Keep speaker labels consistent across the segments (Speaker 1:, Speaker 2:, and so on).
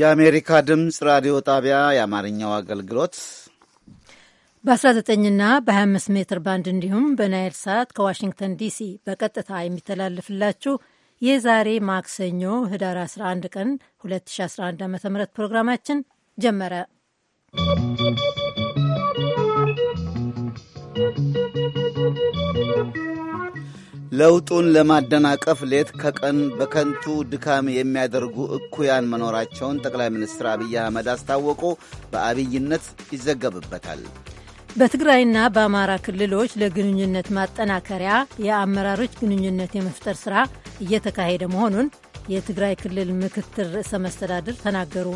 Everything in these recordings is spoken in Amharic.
Speaker 1: የአሜሪካ ድምፅ ራዲዮ ጣቢያ የአማርኛው አገልግሎት
Speaker 2: በ19ና በ25 ሜትር ባንድ እንዲሁም በናይል ሳት ከዋሽንግተን ዲሲ በቀጥታ የሚተላለፍላችሁ የዛሬ ማክሰኞ ህዳር 11 ቀን 2011 ዓ ም ፕሮግራማችን ጀመረ።
Speaker 1: ለውጡን ለማደናቀፍ ሌት ከቀን በከንቱ ድካም የሚያደርጉ እኩያን መኖራቸውን ጠቅላይ ሚኒስትር አብይ አህመድ አስታወቁ። በአብይነት ይዘገብበታል።
Speaker 2: በትግራይና በአማራ ክልሎች ለግንኙነት ማጠናከሪያ የአመራሮች ግንኙነት የመፍጠር ሥራ እየተካሄደ መሆኑን የትግራይ ክልል ምክትል ርዕሰ መስተዳድር ተናገሩ።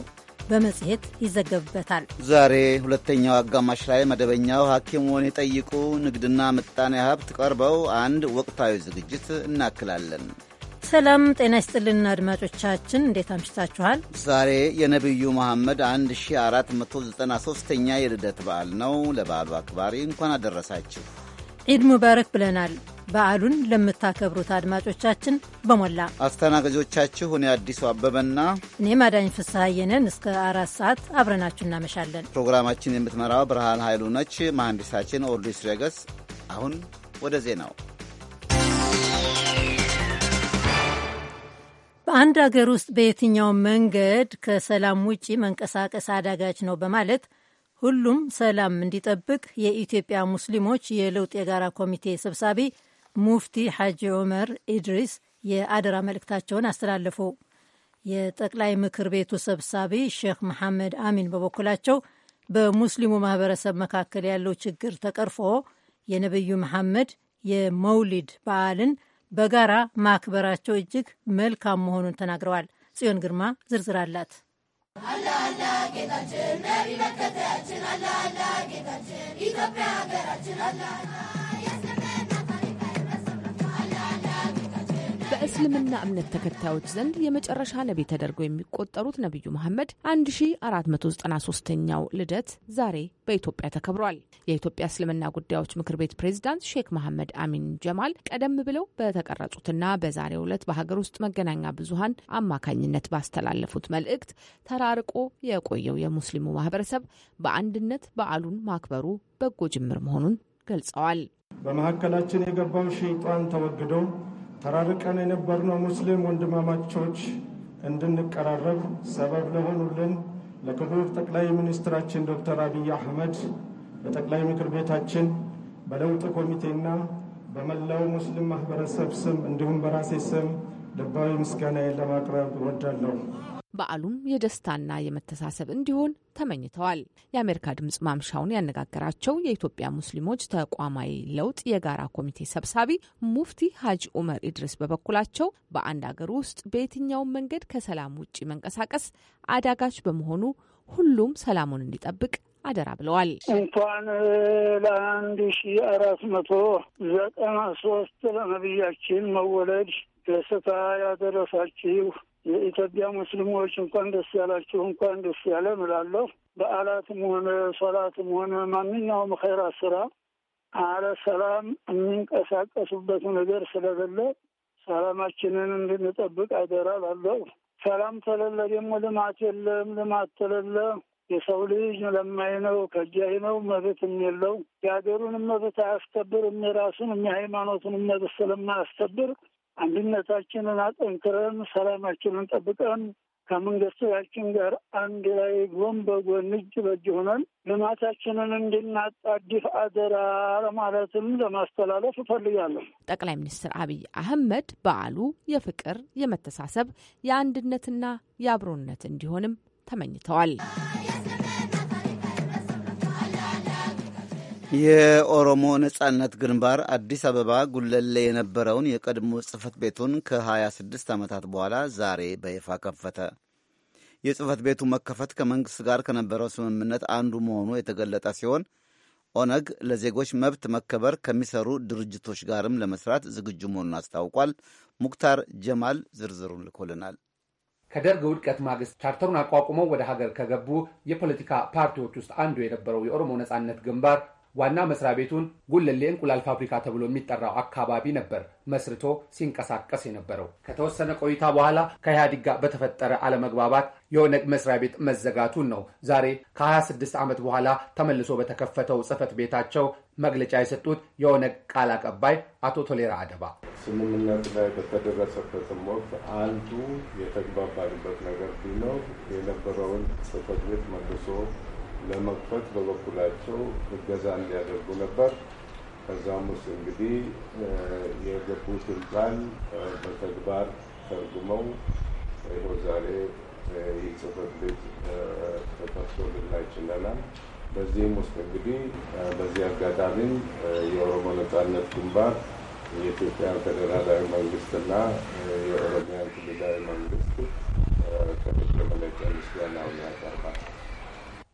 Speaker 2: በመጽሔት ይዘገብበታል።
Speaker 1: ዛሬ ሁለተኛው አጋማሽ ላይ መደበኛው ሐኪሙን የጠይቁ ንግድና ምጣኔ ሀብት ቀርበው አንድ ወቅታዊ ዝግጅት እናክላለን።
Speaker 2: ሰላም ጤና ይስጥልና አድማጮቻችን፣ እንዴት አምሽታችኋል?
Speaker 1: ዛሬ የነቢዩ መሐመድ 1493ኛ የልደት በዓል ነው። ለበዓሉ አክባሪ እንኳን አደረሳችሁ።
Speaker 2: ዒድ ሙባረክ ብለናል። በዓሉን ለምታከብሩት አድማጮቻችን በሞላ
Speaker 1: አስተናጋጆቻችሁ እኔ አዲሱ አበበና
Speaker 2: እኔም አዳኝ ፍስሐየንን እስከ አራት ሰዓት አብረናችሁ እናመሻለን።
Speaker 1: ፕሮግራማችን የምትመራው ብርሃን ኃይሉ ነች። መሐንዲሳችን ኦርዲስ ሬገስ። አሁን ወደ ዜናው።
Speaker 2: በአንድ አገር ውስጥ በየትኛው መንገድ ከሰላም ውጪ መንቀሳቀስ አዳጋች ነው በማለት ሁሉም ሰላም እንዲጠብቅ የኢትዮጵያ ሙስሊሞች የለውጥ የጋራ ኮሚቴ ሰብሳቢ ሙፍቲ ሐጂ ዑመር ኢድሪስ የአደራ መልእክታቸውን አስተላለፉ። የጠቅላይ ምክር ቤቱ ሰብሳቢ ሼክ መሐመድ አሚን በበኩላቸው በሙስሊሙ ማህበረሰብ መካከል ያለው ችግር ተቀርፎ የነቢዩ መሐመድ የመውሊድ በዓልን በጋራ ማክበራቸው እጅግ መልካም መሆኑን ተናግረዋል። ጽዮን ግርማ ዝርዝር አላት።
Speaker 3: አላ አላ ጌታችን ነቢ መከታያችን አላ አላ ጌታችን ኢትዮጵያ ሀገራችን አላ አላ በእስልምና እምነት ተከታዮች ዘንድ የመጨረሻ ነቢ ተደርገው የሚቆጠሩት ነቢዩ መሐመድ 1493ኛው ልደት ዛሬ በኢትዮጵያ ተከብሯል። የኢትዮጵያ እስልምና ጉዳዮች ምክር ቤት ፕሬዝዳንት ሼክ መሐመድ አሚን ጀማል ቀደም ብለው በተቀረጹትና በዛሬው ዕለት በሀገር ውስጥ መገናኛ ብዙኃን አማካኝነት ባስተላለፉት መልእክት ተራርቆ የቆየው የሙስሊሙ ማህበረሰብ በአንድነት በዓሉን ማክበሩ በጎ ጅምር መሆኑን ገልጸዋል።
Speaker 4: በመካከላችን የገባው ሸይጣን ተወግዶ ተራርቀን የነበርነው ሙስሊም ወንድማማቾች እንድንቀራረብ ሰበብ ለሆኑልን ለክቡር ጠቅላይ ሚኒስትራችን ዶክተር አብይ አህመድ በጠቅላይ ምክር ቤታችን በለውጥ ኮሚቴና በመላው ሙስሊም ማህበረሰብ ስም እንዲሁም በራሴ ስም
Speaker 5: ልባዊ
Speaker 3: ምስጋናዬን ለማቅረብ እወዳለሁ። በዓሉም የደስታና የመተሳሰብ እንዲሆን ተመኝተዋል። የአሜሪካ ድምጽ ማምሻውን ያነጋገራቸው የኢትዮጵያ ሙስሊሞች ተቋማዊ ለውጥ የጋራ ኮሚቴ ሰብሳቢ ሙፍቲ ሀጂ ኡመር ኢድሪስ በበኩላቸው በአንድ አገር ውስጥ በየትኛውም መንገድ ከሰላም ውጭ መንቀሳቀስ አዳጋች በመሆኑ ሁሉም ሰላሙን እንዲጠብቅ አደራ ብለዋል።
Speaker 6: እንኳን ለአንድ ሺ አራት መቶ ዘጠና ሶስት ለነቢያችን መወለድ ደስታ ያደረሳችሁ የኢትዮጵያ ሙስሊሞች እንኳን ደስ ያላችሁ እንኳን ደስ ያለ ምላለሁ። በዓላትም ሆነ ሶላትም ሆነ ማንኛውም ኸይራ ስራ አለ ሰላም የሚንቀሳቀሱበት ነገር ስለሌለ ሰላማችንን እንድንጠብቅ አደራ ላለሁ። ሰላም ተለለ ደግሞ ልማት የለም። ልማት ተለለ የሰው ልጅ ለማይ ነው፣ ከጃይ ነው፣ መብትም የለው። የሀገሩንም መብት አያስከብርም። የራሱን የሃይማኖቱን መብት ስለማያስከብር አንድነታችንን አጠንክረን ሰላማችንን ጠብቀን ከመንግስታችን ጋር አንድ ላይ ጎን በጎን እጅ በእጅ ሆነን ልማታችንን እንድናጣድፍ አደራ ለማለትም ለማስተላለፍ እፈልጋለሁ።
Speaker 3: ጠቅላይ ሚኒስትር አብይ አህመድ በዓሉ የፍቅር፣ የመተሳሰብ፣ የአንድነትና የአብሮነት እንዲሆንም ተመኝተዋል።
Speaker 1: የኦሮሞ ነጻነት ግንባር አዲስ አበባ ጉለሌ የነበረውን የቀድሞ ጽህፈት ቤቱን ከ26 ዓመታት በኋላ ዛሬ በይፋ ከፈተ። የጽህፈት ቤቱ መከፈት ከመንግሥት ጋር ከነበረው ስምምነት አንዱ መሆኑ የተገለጠ ሲሆን ኦነግ ለዜጎች መብት መከበር ከሚሰሩ ድርጅቶች ጋርም ለመስራት ዝግጁ መሆኑን አስታውቋል። ሙክታር ጀማል
Speaker 7: ዝርዝሩን ልኮልናል። ከደርግ ውድቀት ማግስት ቻርተሩን አቋቁመው ወደ ሀገር ከገቡ የፖለቲካ ፓርቲዎች ውስጥ አንዱ የነበረው የኦሮሞ ነጻነት ግንባር ዋና መስሪያ ቤቱን ጉልሌ እንቁላል ፋብሪካ ተብሎ የሚጠራው አካባቢ ነበር መስርቶ ሲንቀሳቀስ የነበረው። ከተወሰነ ቆይታ በኋላ ከኢህአዴግ ጋር በተፈጠረ አለመግባባት የኦነግ መስሪያ ቤት መዘጋቱን ነው ዛሬ ከ26 ዓመት በኋላ ተመልሶ በተከፈተው ጽህፈት ቤታቸው መግለጫ የሰጡት የኦነግ ቃል አቀባይ አቶ ቶሌራ አደባ።
Speaker 8: ስምምነት ላይ በተደረሰበትም ወቅት አንዱ የተግባባንበት ነገር ቢኖር የነበረውን ጽህፈት ቤት መልሶ ለመክፈት በበኩላቸው እገዛ እንዲያደርጉ ነበር። ከዛም ውስጥ እንግዲህ የገቡትን ቃል በተግባር ተርጉመው ይኸው ዛሬ ይህ ጽሕፈት ቤት ተከፍቶ ልናይ ችለናል። በዚህም ውስጥ እንግዲህ በዚህ አጋጣሚም የኦሮሞ ነጻነት ግንባር የኢትዮጵያ ፌዴራላዊ መንግስትና የኦሮሚያን ክልላዊ መንግስት
Speaker 7: ከፍቅር መለጫ ምስጋናውን ያቀርባል።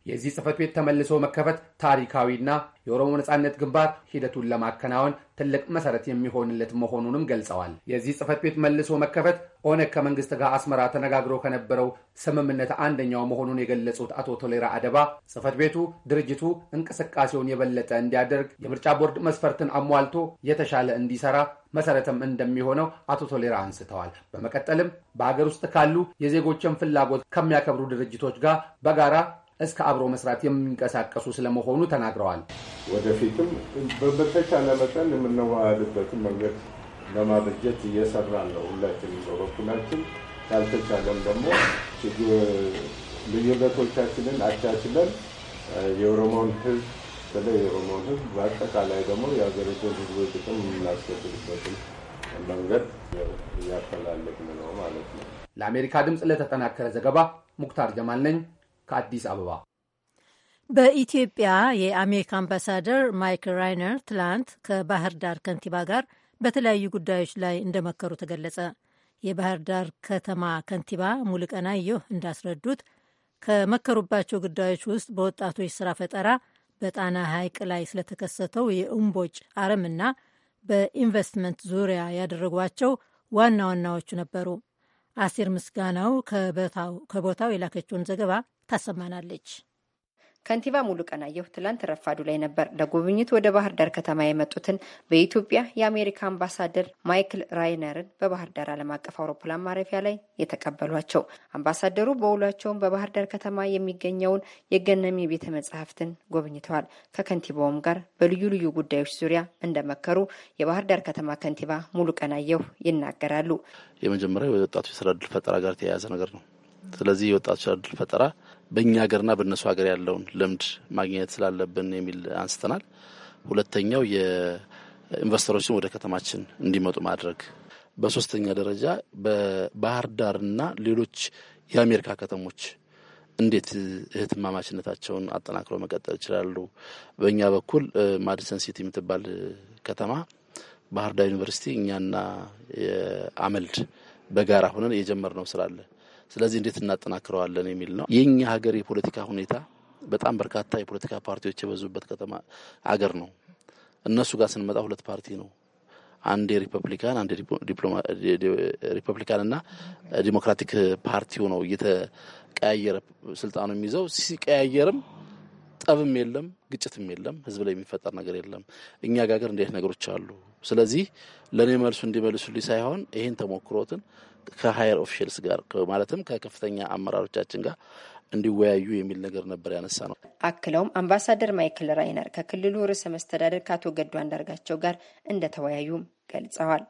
Speaker 7: የዚህ ጽህፈት ቤት ተመልሶ መከፈት ታሪካዊና የኦሮሞ ነጻነት ግንባር ሂደቱን ለማከናወን ትልቅ መሰረት የሚሆንለት መሆኑንም ገልጸዋል። የዚህ ጽህፈት ቤት መልሶ መከፈት ኦነግ ከመንግስት ጋር አስመራ ተነጋግሮ ከነበረው ስምምነት አንደኛው መሆኑን የገለጹት አቶ ቶሌራ አደባ ጽህፈት ቤቱ ድርጅቱ እንቅስቃሴውን የበለጠ እንዲያደርግ የምርጫ ቦርድ መስፈርትን አሟልቶ የተሻለ እንዲሰራ መሰረትም እንደሚሆነው አቶ ቶሌራ አንስተዋል። በመቀጠልም በሀገር ውስጥ ካሉ የዜጎችን ፍላጎት ከሚያከብሩ ድርጅቶች ጋር በጋራ እስከ አብሮ መስራት የሚንቀሳቀሱ ስለመሆኑ ተናግረዋል። ወደፊትም
Speaker 8: በተቻለ መጠን የምንዋሃድበትን መንገድ ለማበጀት እየሰራን ነው ሁላችን በበኩላችን ካልተቻለም ደግሞ ልዩነቶቻችንን አቻችለን የኦሮሞን ህዝብ በተለይ የኦሮሞን ህዝብ በአጠቃላይ ደግሞ የሀገሪቱን
Speaker 7: ሕዝቦች ጥቅም የምናስገድልበትን መንገድ እያፈላለግን ነው ማለት ነው። ለአሜሪካ ድምፅ ለተጠናከረ ዘገባ ሙክታር ጀማል ነኝ። ከአዲስ አበባ
Speaker 2: በኢትዮጵያ የአሜሪካ አምባሳደር ማይክ ራይነር ትላንት ከባህር ዳር ከንቲባ ጋር በተለያዩ ጉዳዮች ላይ እንደመከሩ ተገለጸ። የባህር ዳር ከተማ ከንቲባ ሙሉቀናየሁ እንዳስረዱት ከመከሩባቸው ጉዳዮች ውስጥ በወጣቶች ስራ ፈጠራ፣ በጣና ሐይቅ ላይ ስለተከሰተው የእምቦጭ አረምና በኢንቨስትመንት ዙሪያ ያደረጓቸው ዋና ዋናዎቹ ነበሩ። አሴር ምስጋናው ከቦታው የላከችውን ዘገባ ታሰማናለች።
Speaker 9: ከንቲባ ሙሉ ቀናየሁ ትላንት ረፋዱ ላይ ነበር ለጉብኝት ወደ ባህር ዳር ከተማ የመጡትን በኢትዮጵያ የአሜሪካ አምባሳደር ማይክል ራይነርን በባህር ዳር ዓለም አቀፍ አውሮፕላን ማረፊያ ላይ የተቀበሏቸው። አምባሳደሩ በውሏቸውም በባህር ዳር ከተማ የሚገኘውን የገነሚ ቤተ መጽሐፍትን ጎብኝተዋል። ከከንቲባውም ጋር በልዩ ልዩ ጉዳዮች ዙሪያ እንደመከሩ የባህር ዳር ከተማ ከንቲባ ሙሉቀናየሁ ይናገራሉ።
Speaker 10: የመጀመሪያው የወጣቱ የስራ እድል ፈጠራ ጋር የተያያዘ ነገር ነው። ስለዚህ የወጣቱ የስራ እድል ፈጠራ በእኛ ሀገርና በእነሱ ሀገር ያለውን ልምድ ማግኘት ስላለብን የሚል አንስተናል። ሁለተኛው የኢንቨስተሮችን ወደ ከተማችን እንዲመጡ ማድረግ፣ በሶስተኛ ደረጃ በባህር ዳርና ሌሎች የአሜሪካ ከተሞች እንዴት እህትማማችነታቸውን አጠናክረው መቀጠል ይችላሉ። በእኛ በኩል ማዲሰን ሲቲ የምትባል ከተማ ባህር ዳር ዩኒቨርሲቲ እኛና የአመልድ በጋራ ሆነን የጀመርነው ስራ አለ። ስለዚህ እንዴት እናጠናክረዋለን የሚል ነው። የኛ ሀገር የፖለቲካ ሁኔታ በጣም በርካታ የፖለቲካ ፓርቲዎች የበዙበት ከተማ አገር ነው። እነሱ ጋር ስንመጣ ሁለት ፓርቲ ነው። አንድ የሪፐብሊካን አንድ ሪፐብሊካን እና ዲሞክራቲክ ፓርቲው ነው እየተቀያየረ ስልጣኑ የሚይዘው። ሲቀያየርም ጠብም የለም፣ ግጭትም የለም፣ ህዝብ ላይ የሚፈጠር ነገር የለም። እኛ ጋገር እንዲህ ነገሮች አሉ። ስለዚህ ለእኔ መልሱ እንዲመልሱልኝ ሳይሆን ይህን ተሞክሮትን ከሀየር ኦፊሻልስ ጋር ማለትም ከከፍተኛ አመራሮቻችን ጋር እንዲወያዩ የሚል ነገር ነበር ያነሳ ነው።
Speaker 9: አክለውም አምባሳደር ማይክል ራይነር ከክልሉ ርዕሰ መስተዳደር ከአቶ ገዱ አንዳርጋቸው ጋር እንደተወያዩም ገልጸዋል።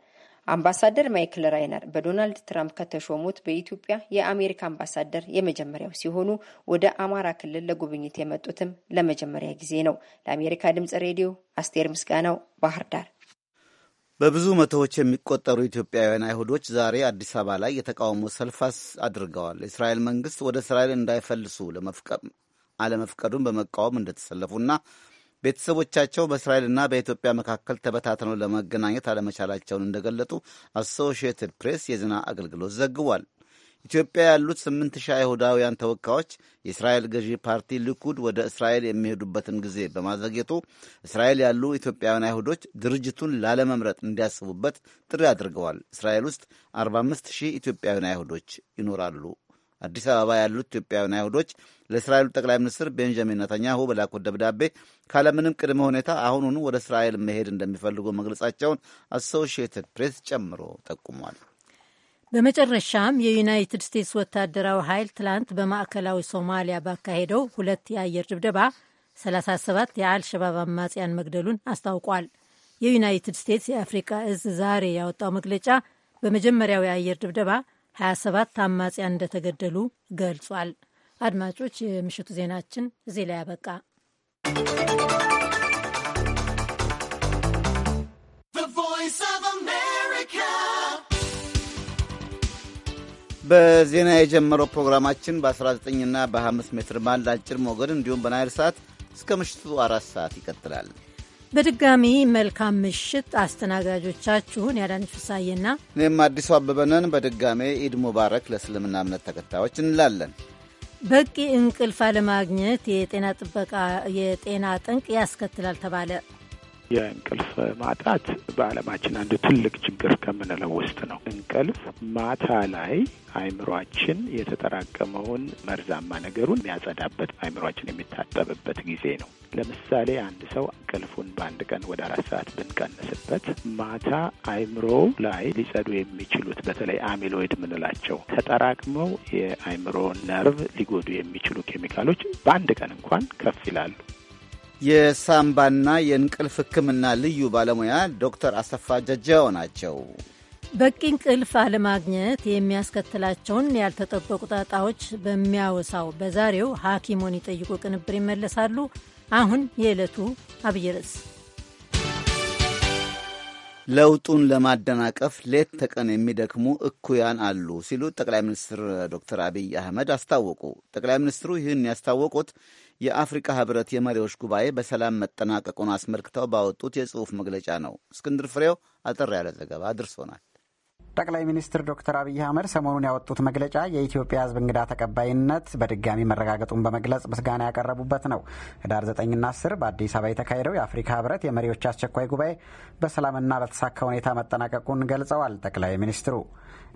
Speaker 9: አምባሳደር ማይክል ራይነር በዶናልድ ትራምፕ ከተሾሙት በኢትዮጵያ የአሜሪካ አምባሳደር የመጀመሪያው ሲሆኑ ወደ አማራ ክልል ለጉብኝት የመጡትም ለመጀመሪያ ጊዜ ነው። ለአሜሪካ ድምጽ ሬዲዮ አስቴር ምስጋናው ባህር ዳር
Speaker 1: በብዙ መቶዎች የሚቆጠሩ ኢትዮጵያውያን አይሁዶች ዛሬ አዲስ አበባ ላይ የተቃውሞ ሰልፍ አድርገዋል። የእስራኤል መንግስት ወደ እስራኤል እንዳይፈልሱ አለመፍቀዱን በመቃወም እንደተሰለፉና ቤተሰቦቻቸው በእስራኤልና በኢትዮጵያ መካከል ተበታትነው ለመገናኘት አለመቻላቸውን እንደገለጡ አሶሺየትድ ፕሬስ የዜና አገልግሎት ዘግቧል። ኢትዮጵያ ያሉት ስምንት ሺህ አይሁዳውያን ተወካዮች የእስራኤል ገዢ ፓርቲ ልኩድ ወደ እስራኤል የሚሄዱበትን ጊዜ በማዘግየቱ እስራኤል ያሉ ኢትዮጵያውያን አይሁዶች ድርጅቱን ላለመምረጥ እንዲያስቡበት ጥሪ አድርገዋል። እስራኤል ውስጥ 45 ሺህ ኢትዮጵያውያን አይሁዶች ይኖራሉ። አዲስ አበባ ያሉት ኢትዮጵያውያን አይሁዶች ለእስራኤሉ ጠቅላይ ሚኒስትር ቤንጃሚን ነታንያሁ በላኩት ደብዳቤ ካለምንም ቅድመ ሁኔታ አሁኑኑ ወደ እስራኤል መሄድ እንደሚፈልጉ መግለጻቸውን አሶሺየትድ ፕሬስ ጨምሮ ጠቁሟል።
Speaker 2: በመጨረሻም የዩናይትድ ስቴትስ ወታደራዊ ኃይል ትላንት በማዕከላዊ ሶማሊያ ባካሄደው ሁለት የአየር ድብደባ 37 የአልሸባብ አማጽያን መግደሉን አስታውቋል። የዩናይትድ ስቴትስ የአፍሪካ እዝ ዛሬ ያወጣው መግለጫ በመጀመሪያው የአየር ድብደባ 27 አማጽያን እንደተገደሉ ገልጿል። አድማጮች፣ የምሽቱ ዜናችን እዚህ ላይ ያበቃ።
Speaker 1: በዜና የጀመረው ፕሮግራማችን በ19ና በ5 ሜትር ባንድ አጭር ሞገድ እንዲሁም በናይል ሰዓት እስከ ምሽቱ አራት ሰዓት ይቀጥላል።
Speaker 2: በድጋሚ መልካም ምሽት። አስተናጋጆቻችሁን ያዳነች ፍሳዬና
Speaker 1: እኔም አዲሱ አበበነን። በድጋሜ ኢድ ሙባረክ ለእስልምና እምነት ተከታዮች እንላለን።
Speaker 2: በቂ እንቅልፍ አለማግኘት የጤና ጥበቃ የጤና ጠንቅ ያስከትላል ተባለ።
Speaker 1: የእንቅልፍ
Speaker 5: ማጣት በዓለማችን አንዱ ትልቅ ችግር ከምንለው ውስጥ ነው። እንቅልፍ ማታ ላይ አእምሯችን የተጠራቀመውን መርዛማ ነገሩን የሚያጸዳበት አይምሯችን የሚታጠብበት ጊዜ ነው። ለምሳሌ አንድ ሰው እንቅልፉን በአንድ ቀን ወደ አራት ሰዓት ብንቀንስበት ማታ አእምሮ ላይ ሊጸዱ የሚችሉት በተለይ አሚሎይድ ምንላቸው ተጠራቅመው የአይምሮ ነርቭ ሊጎዱ የሚችሉ ኬሚካሎች በአንድ
Speaker 1: ቀን እንኳን ከፍ ይላሉ። የሳምባና የእንቅልፍ ሕክምና ልዩ ባለሙያ ዶክተር አሰፋ ጀጃው ናቸው።
Speaker 2: በቂ እንቅልፍ አለማግኘት የሚያስከትላቸውን ያልተጠበቁ ጣጣዎች በሚያወሳው በዛሬው ሐኪሞን ይጠይቁ ቅንብር ይመለሳሉ። አሁን የዕለቱ አብይ ርዕስ
Speaker 1: ለውጡን ለማደናቀፍ ሌት ተቀን የሚደክሙ እኩያን አሉ ሲሉ ጠቅላይ ሚኒስትር ዶክተር አብይ አህመድ አስታወቁ። ጠቅላይ ሚኒስትሩ ይህን ያስታወቁት የአፍሪካ ህብረት የመሪዎች ጉባኤ በሰላም መጠናቀቁን አስመልክተው ባወጡት የጽሑፍ መግለጫ ነው። እስክንድር ፍሬው አጠር ያለ ዘገባ አድርሶናል።
Speaker 11: ጠቅላይ ሚኒስትር ዶክተር አብይ አህመድ ሰሞኑን ያወጡት መግለጫ የኢትዮጵያ ህዝብ እንግዳ ተቀባይነት በድጋሚ መረጋገጡን በመግለጽ ምስጋና ያቀረቡበት ነው። ህዳር 9ና 10 በአዲስ አበባ የተካሄደው የአፍሪካ ህብረት የመሪዎች አስቸኳይ ጉባኤ በሰላምና በተሳካ ሁኔታ መጠናቀቁን ገልጸዋል ጠቅላይ ሚኒስትሩ።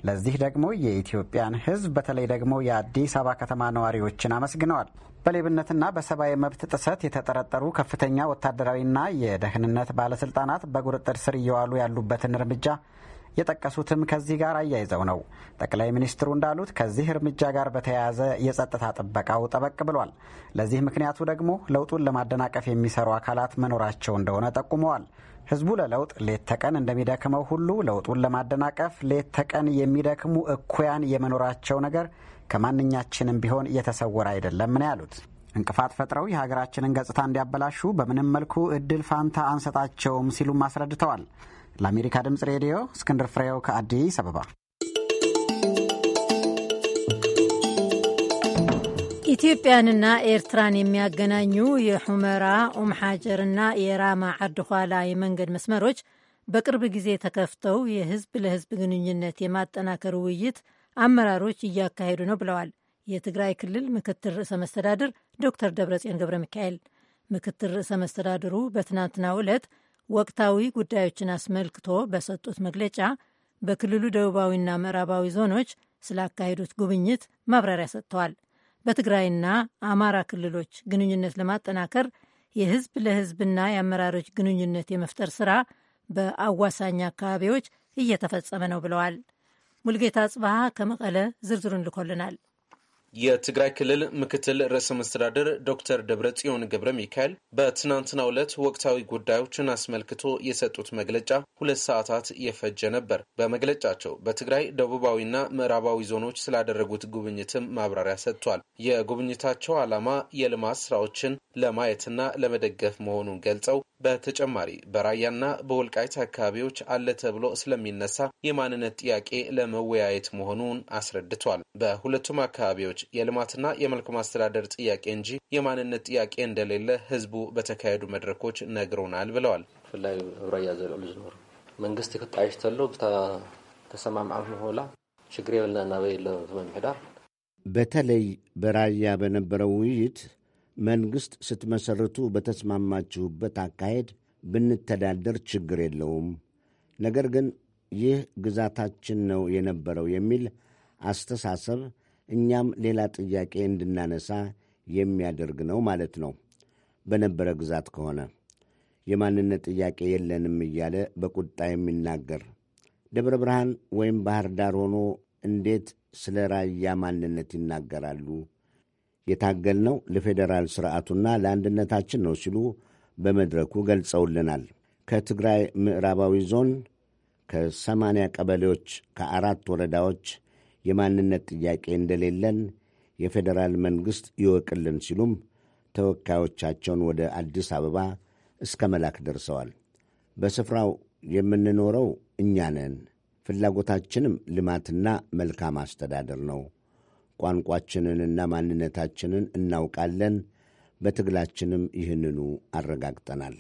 Speaker 11: ለዚህ ደግሞ የኢትዮጵያን ህዝብ በተለይ ደግሞ የአዲስ አበባ ከተማ ነዋሪዎችን አመስግነዋል። በሌብነትና በሰብአዊ መብት ጥሰት የተጠረጠሩ ከፍተኛ ወታደራዊና የደህንነት ባለስልጣናት በቁጥጥር ስር እየዋሉ ያሉበትን እርምጃ የጠቀሱትም ከዚህ ጋር አያይዘው ነው። ጠቅላይ ሚኒስትሩ እንዳሉት ከዚህ እርምጃ ጋር በተያያዘ የጸጥታ ጥበቃው ጠበቅ ብሏል። ለዚህ ምክንያቱ ደግሞ ለውጡን ለማደናቀፍ የሚሰሩ አካላት መኖራቸው እንደሆነ ጠቁመዋል። ህዝቡ ለለውጥ ሌት ተቀን እንደሚደክመው ሁሉ ለውጡን ለማደናቀፍ ሌት ተቀን የሚደክሙ እኩያን የመኖራቸው ነገር ከማንኛችንም ቢሆን እየተሰወረ አይደለም ነው ያሉት። እንቅፋት ፈጥረው የሀገራችንን ገጽታ እንዲያበላሹ በምንም መልኩ እድል ፋንታ አንሰጣቸውም ሲሉም አስረድተዋል። ለአሜሪካ ድምፅ ሬዲዮ እስክንድር ፍሬው ከአዲስ አበባ።
Speaker 2: ኢትዮጵያንና ኤርትራን የሚያገናኙ የሑመራ ኡም የራማ ዓዲ ኋላ የመንገድ መስመሮች በቅርብ ጊዜ ተከፍተው የህዝብ ለህዝብ ግንኙነት የማጠናከር ውይይት አመራሮች እያካሄዱ ነው ብለዋል የትግራይ ክልል ምክትል ርዕሰ መስተዳድር ዶክተር ደብረጽዮን ገብረ ሚካኤል። ምክትል ርዕሰ መስተዳድሩ በትናንትናው ዕለት ወቅታዊ ጉዳዮችን አስመልክቶ በሰጡት መግለጫ በክልሉ ደቡባዊና ምዕራባዊ ዞኖች ስላካሄዱት ጉብኝት ማብራሪያ ሰጥተዋል። በትግራይና አማራ ክልሎች ግንኙነት ለማጠናከር የህዝብ ለህዝብና የአመራሮች ግንኙነት የመፍጠር ስራ በአዋሳኝ አካባቢዎች እየተፈጸመ ነው ብለዋል። ሙልጌታ ጽባሃ ከመቀለ ዝርዝሩን ልኮልናል።
Speaker 12: የትግራይ ክልል ምክትል ርዕሰ መስተዳደር ዶክተር ደብረ ጽዮን ገብረ ሚካኤል በትናንትናው ዕለት ወቅታዊ ጉዳዮችን አስመልክቶ የሰጡት መግለጫ ሁለት ሰዓታት የፈጀ ነበር። በመግለጫቸው በትግራይ ደቡባዊና ምዕራባዊ ዞኖች ስላደረጉት ጉብኝትም ማብራሪያ ሰጥቷል። የጉብኝታቸው ዓላማ የልማት ስራዎችን ለማየትና ለመደገፍ መሆኑን ገልጸው በተጨማሪ በራያና በወልቃይት አካባቢዎች አለ ተብሎ ስለሚነሳ የማንነት ጥያቄ ለመወያየት መሆኑን አስረድቷል። በሁለቱም አካባቢዎች ጥያቄዎች የልማትና የመልካም አስተዳደር ጥያቄ እንጂ የማንነት ጥያቄ እንደሌለ ህዝቡ በተካሄዱ መድረኮች ነግሮናል ብለዋል። ብፍላይ ህብረያ
Speaker 10: ዘልዕሉ ዝነበሩ መንግስቲ ተሎ ተሰማምዓም ሆላ ችግር የብልና ናበይ ምሕዳር
Speaker 13: በተለይ በራያ በነበረው ውይይት መንግስት ስትመሰርቱ በተስማማችሁበት አካሄድ ብንተዳደር ችግር የለውም፣ ነገር ግን ይህ ግዛታችን ነው የነበረው የሚል አስተሳሰብ እኛም ሌላ ጥያቄ እንድናነሳ የሚያደርግ ነው ማለት ነው። በነበረ ግዛት ከሆነ የማንነት ጥያቄ የለንም እያለ በቁጣ የሚናገር ደብረ ብርሃን ወይም ባህር ዳር ሆኖ እንዴት ስለ ራያ ማንነት ይናገራሉ? የታገልነው ለፌዴራል ስርዓቱና ለአንድነታችን ነው ሲሉ በመድረኩ ገልጸውልናል። ከትግራይ ምዕራባዊ ዞን ከሰማንያ ቀበሌዎች ከአራት ወረዳዎች የማንነት ጥያቄ እንደሌለን የፌዴራል መንግሥት ይወቅልን ሲሉም ተወካዮቻቸውን ወደ አዲስ አበባ እስከ መላክ ደርሰዋል። በስፍራው የምንኖረው እኛ ነን፣ ፍላጎታችንም ልማትና መልካም አስተዳደር ነው። ቋንቋችንንና ማንነታችንን እናውቃለን። በትግላችንም ይህንኑ አረጋግጠናል።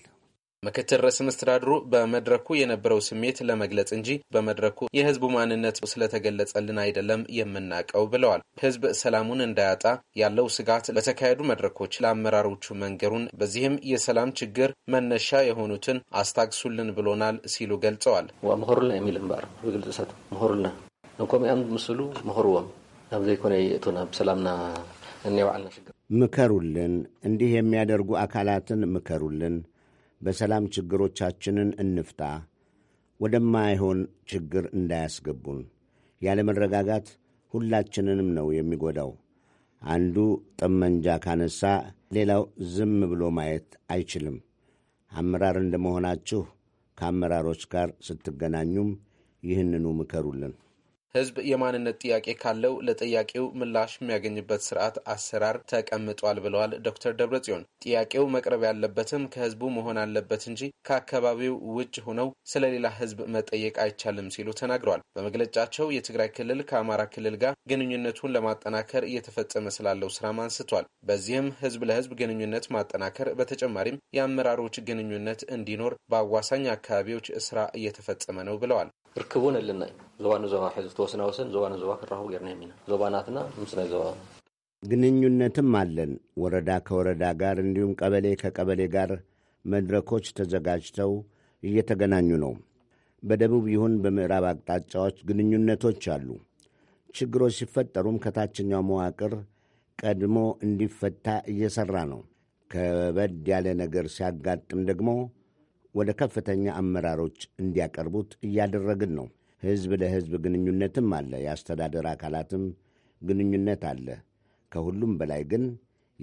Speaker 12: ምክትል ርዕሰ መስተዳድሩ በመድረኩ የነበረው ስሜት ለመግለጽ እንጂ በመድረኩ የህዝቡ ማንነት ስለተገለጸልን አይደለም የምናውቀው ብለዋል። ህዝብ ሰላሙን እንዳያጣ ያለው ስጋት በተካሄዱ መድረኮች ለአመራሮቹ መንገሩን፣ በዚህም የሰላም ችግር መነሻ የሆኑትን አስታግሱልን ብሎናል
Speaker 10: ሲሉ ገልጸዋል። ምሁርና የሚል ምባር ብግልጽ ሰት ምሁርና ንኮም እያም ምስሉ ምሁርዎም ናብ ዘይኮነ የእቱና ብሰላምና እኔ ሽግር
Speaker 13: ምከሩልን፣ እንዲህ የሚያደርጉ አካላትን ምከሩልን በሰላም ችግሮቻችንን እንፍታ፣ ወደማይሆን ችግር እንዳያስገቡን። ያለ መረጋጋት ሁላችንንም ነው የሚጎዳው። አንዱ ጠመንጃ ካነሳ ሌላው ዝም ብሎ ማየት አይችልም። አመራር እንደመሆናችሁ ከአመራሮች ጋር ስትገናኙም ይህንኑ ምከሩልን።
Speaker 12: ህዝብ የማንነት ጥያቄ ካለው ለጥያቄው ምላሽ የሚያገኝበት ስርዓት አሰራር ተቀምጧል ብለዋል ዶክተር ደብረጽዮን። ጥያቄው መቅረብ ያለበትም ከህዝቡ መሆን አለበት እንጂ ከአካባቢው ውጭ ሆነው ስለሌላ ህዝብ መጠየቅ አይቻልም ሲሉ ተናግረዋል። በመግለጫቸው የትግራይ ክልል ከአማራ ክልል ጋር ግንኙነቱን ለማጠናከር እየተፈጸመ ስላለው ስራም አንስቷል። በዚህም ህዝብ ለህዝብ ግንኙነት ማጠናከር፣ በተጨማሪም የአመራሮች ግንኙነት እንዲኖር በአዋሳኝ አካባቢዎች ስራ እየተፈጸመ ነው ብለዋል። ርክቡን የለናይ ዞባ ንዞባ ሒዙ ተወስና ወሰን ዞባ ንዞባ ክራኽቡ
Speaker 10: ጌርና የሚና ዞባ ናትና ምስ ናይ ዞባ
Speaker 13: ግንኙነትም አለን ወረዳ ከወረዳ ጋር እንዲሁም ቀበሌ ከቀበሌ ጋር መድረኮች ተዘጋጅተው እየተገናኙ ነው። በደቡብ ይሁን በምዕራብ አቅጣጫዎች ግንኙነቶች አሉ። ችግሮች ሲፈጠሩም ከታችኛው መዋቅር ቀድሞ እንዲፈታ እየሠራ ነው። ከበድ ያለ ነገር ሲያጋጥም ደግሞ ወደ ከፍተኛ አመራሮች እንዲያቀርቡት እያደረግን ነው። ሕዝብ ለሕዝብ ግንኙነትም አለ፣ የአስተዳደር አካላትም ግንኙነት አለ። ከሁሉም በላይ ግን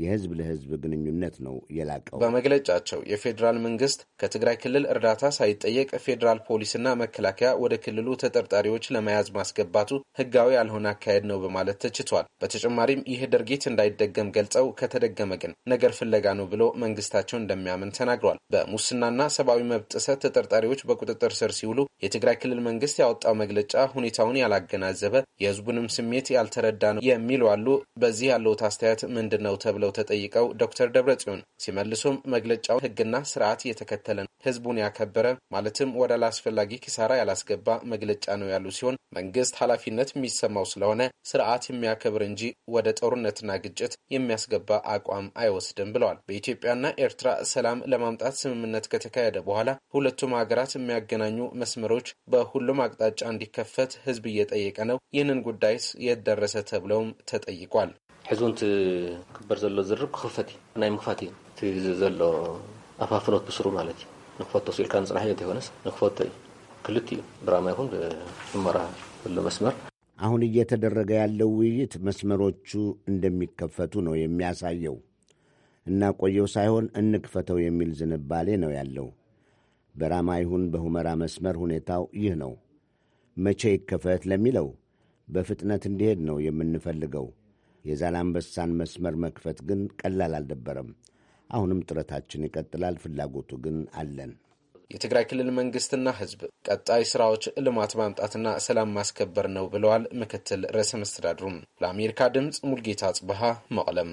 Speaker 13: የህዝብ ለህዝብ ግንኙነት ነው የላቀው።
Speaker 12: በመግለጫቸው የፌዴራል መንግስት ከትግራይ ክልል እርዳታ ሳይጠየቅ ፌዴራል ፖሊስና መከላከያ ወደ ክልሉ ተጠርጣሪዎች ለመያዝ ማስገባቱ ህጋዊ ያልሆነ አካሄድ ነው በማለት ተችቷል። በተጨማሪም ይህ ድርጊት እንዳይደገም ገልጸው ከተደገመ ግን ነገር ፍለጋ ነው ብሎ መንግስታቸው እንደሚያምን ተናግሯል። በሙስናና ሰብአዊ መብት ጥሰት ተጠርጣሪዎች በቁጥጥር ስር ሲውሉ የትግራይ ክልል መንግስት ያወጣው መግለጫ ሁኔታውን ያላገናዘበ የህዝቡንም ስሜት ያልተረዳ ነው የሚሉ አሉ። በዚህ ያለውት አስተያየት ምንድን ነው ተብለው ብለው ተጠይቀው ዶክተር ደብረጽዮን ሲመልሱም መግለጫው ህግና ስርዓት እየተከተለ ነው፣ ህዝቡን ያከበረ ማለትም ወደ አላስፈላጊ ኪሳራ ያላስገባ መግለጫ ነው ያሉ ሲሆን መንግስት ኃላፊነት የሚሰማው ስለሆነ ስርዓት የሚያከብር እንጂ ወደ ጦርነትና ግጭት የሚያስገባ አቋም አይወስድም ብለዋል። በኢትዮጵያና ኤርትራ ሰላም ለማምጣት ስምምነት ከተካሄደ በኋላ ሁለቱም ሀገራት የሚያገናኙ መስመሮች በሁሉም አቅጣጫ እንዲከፈት ህዝብ እየጠየቀ ነው። ይህንን ጉዳይስ የት ደረሰ ተብለውም ተጠይቋል።
Speaker 10: ሕዙን ትግበር ዘሎ ዝርብ ክኽፈት እዩ ናይ ምኽፋት እዩ እቲ ዘሎ ኣፋፍኖት ብስሩ ማለት እዩ ንክፈቶ ስኢልካ ንፅናሕ እዮ ዘይኮነስ ንክፈቶ እዩ ክልቲ እዩ ብራማ ይኹን ብእመራ ዘሎ መስመር
Speaker 13: አሁን እየተደረገ ያለው ውይይት መስመሮቹ እንደሚከፈቱ ነው የሚያሳየው እና ቆየው ሳይሆን እንክፈተው የሚል ዝንባሌ ነው ያለው። በራማ ይሁን በሁመራ መስመር ሁኔታው ይህ ነው። መቼ ይከፈት ለሚለው በፍጥነት እንዲሄድ ነው የምንፈልገው። የዛላምበሳን መስመር መክፈት ግን ቀላል አልነበረም። አሁንም ጥረታችን ይቀጥላል። ፍላጎቱ ግን አለን።
Speaker 12: የትግራይ ክልል መንግስትና ህዝብ ቀጣይ ስራዎች ልማት ማምጣትና ሰላም ማስከበር ነው ብለዋል ምክትል ርዕሰ መስተዳድሩም። ለአሜሪካ ድምፅ ሙልጌታ ጽብሃ መቀለም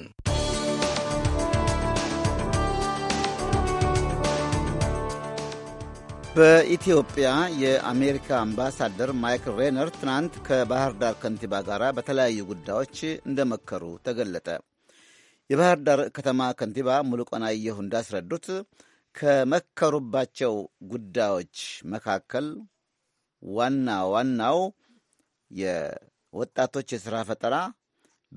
Speaker 1: በኢትዮጵያ የአሜሪካ አምባሳደር ማይክል ሬነር ትናንት ከባህር ዳር ከንቲባ ጋር በተለያዩ ጉዳዮች እንደመከሩ ተገለጠ። የባህር ዳር ከተማ ከንቲባ ሙሉቀን አየሁ እንዳስረዱት ከመከሩባቸው ጉዳዮች መካከል ዋና ዋናው የወጣቶች የሥራ ፈጠራ፣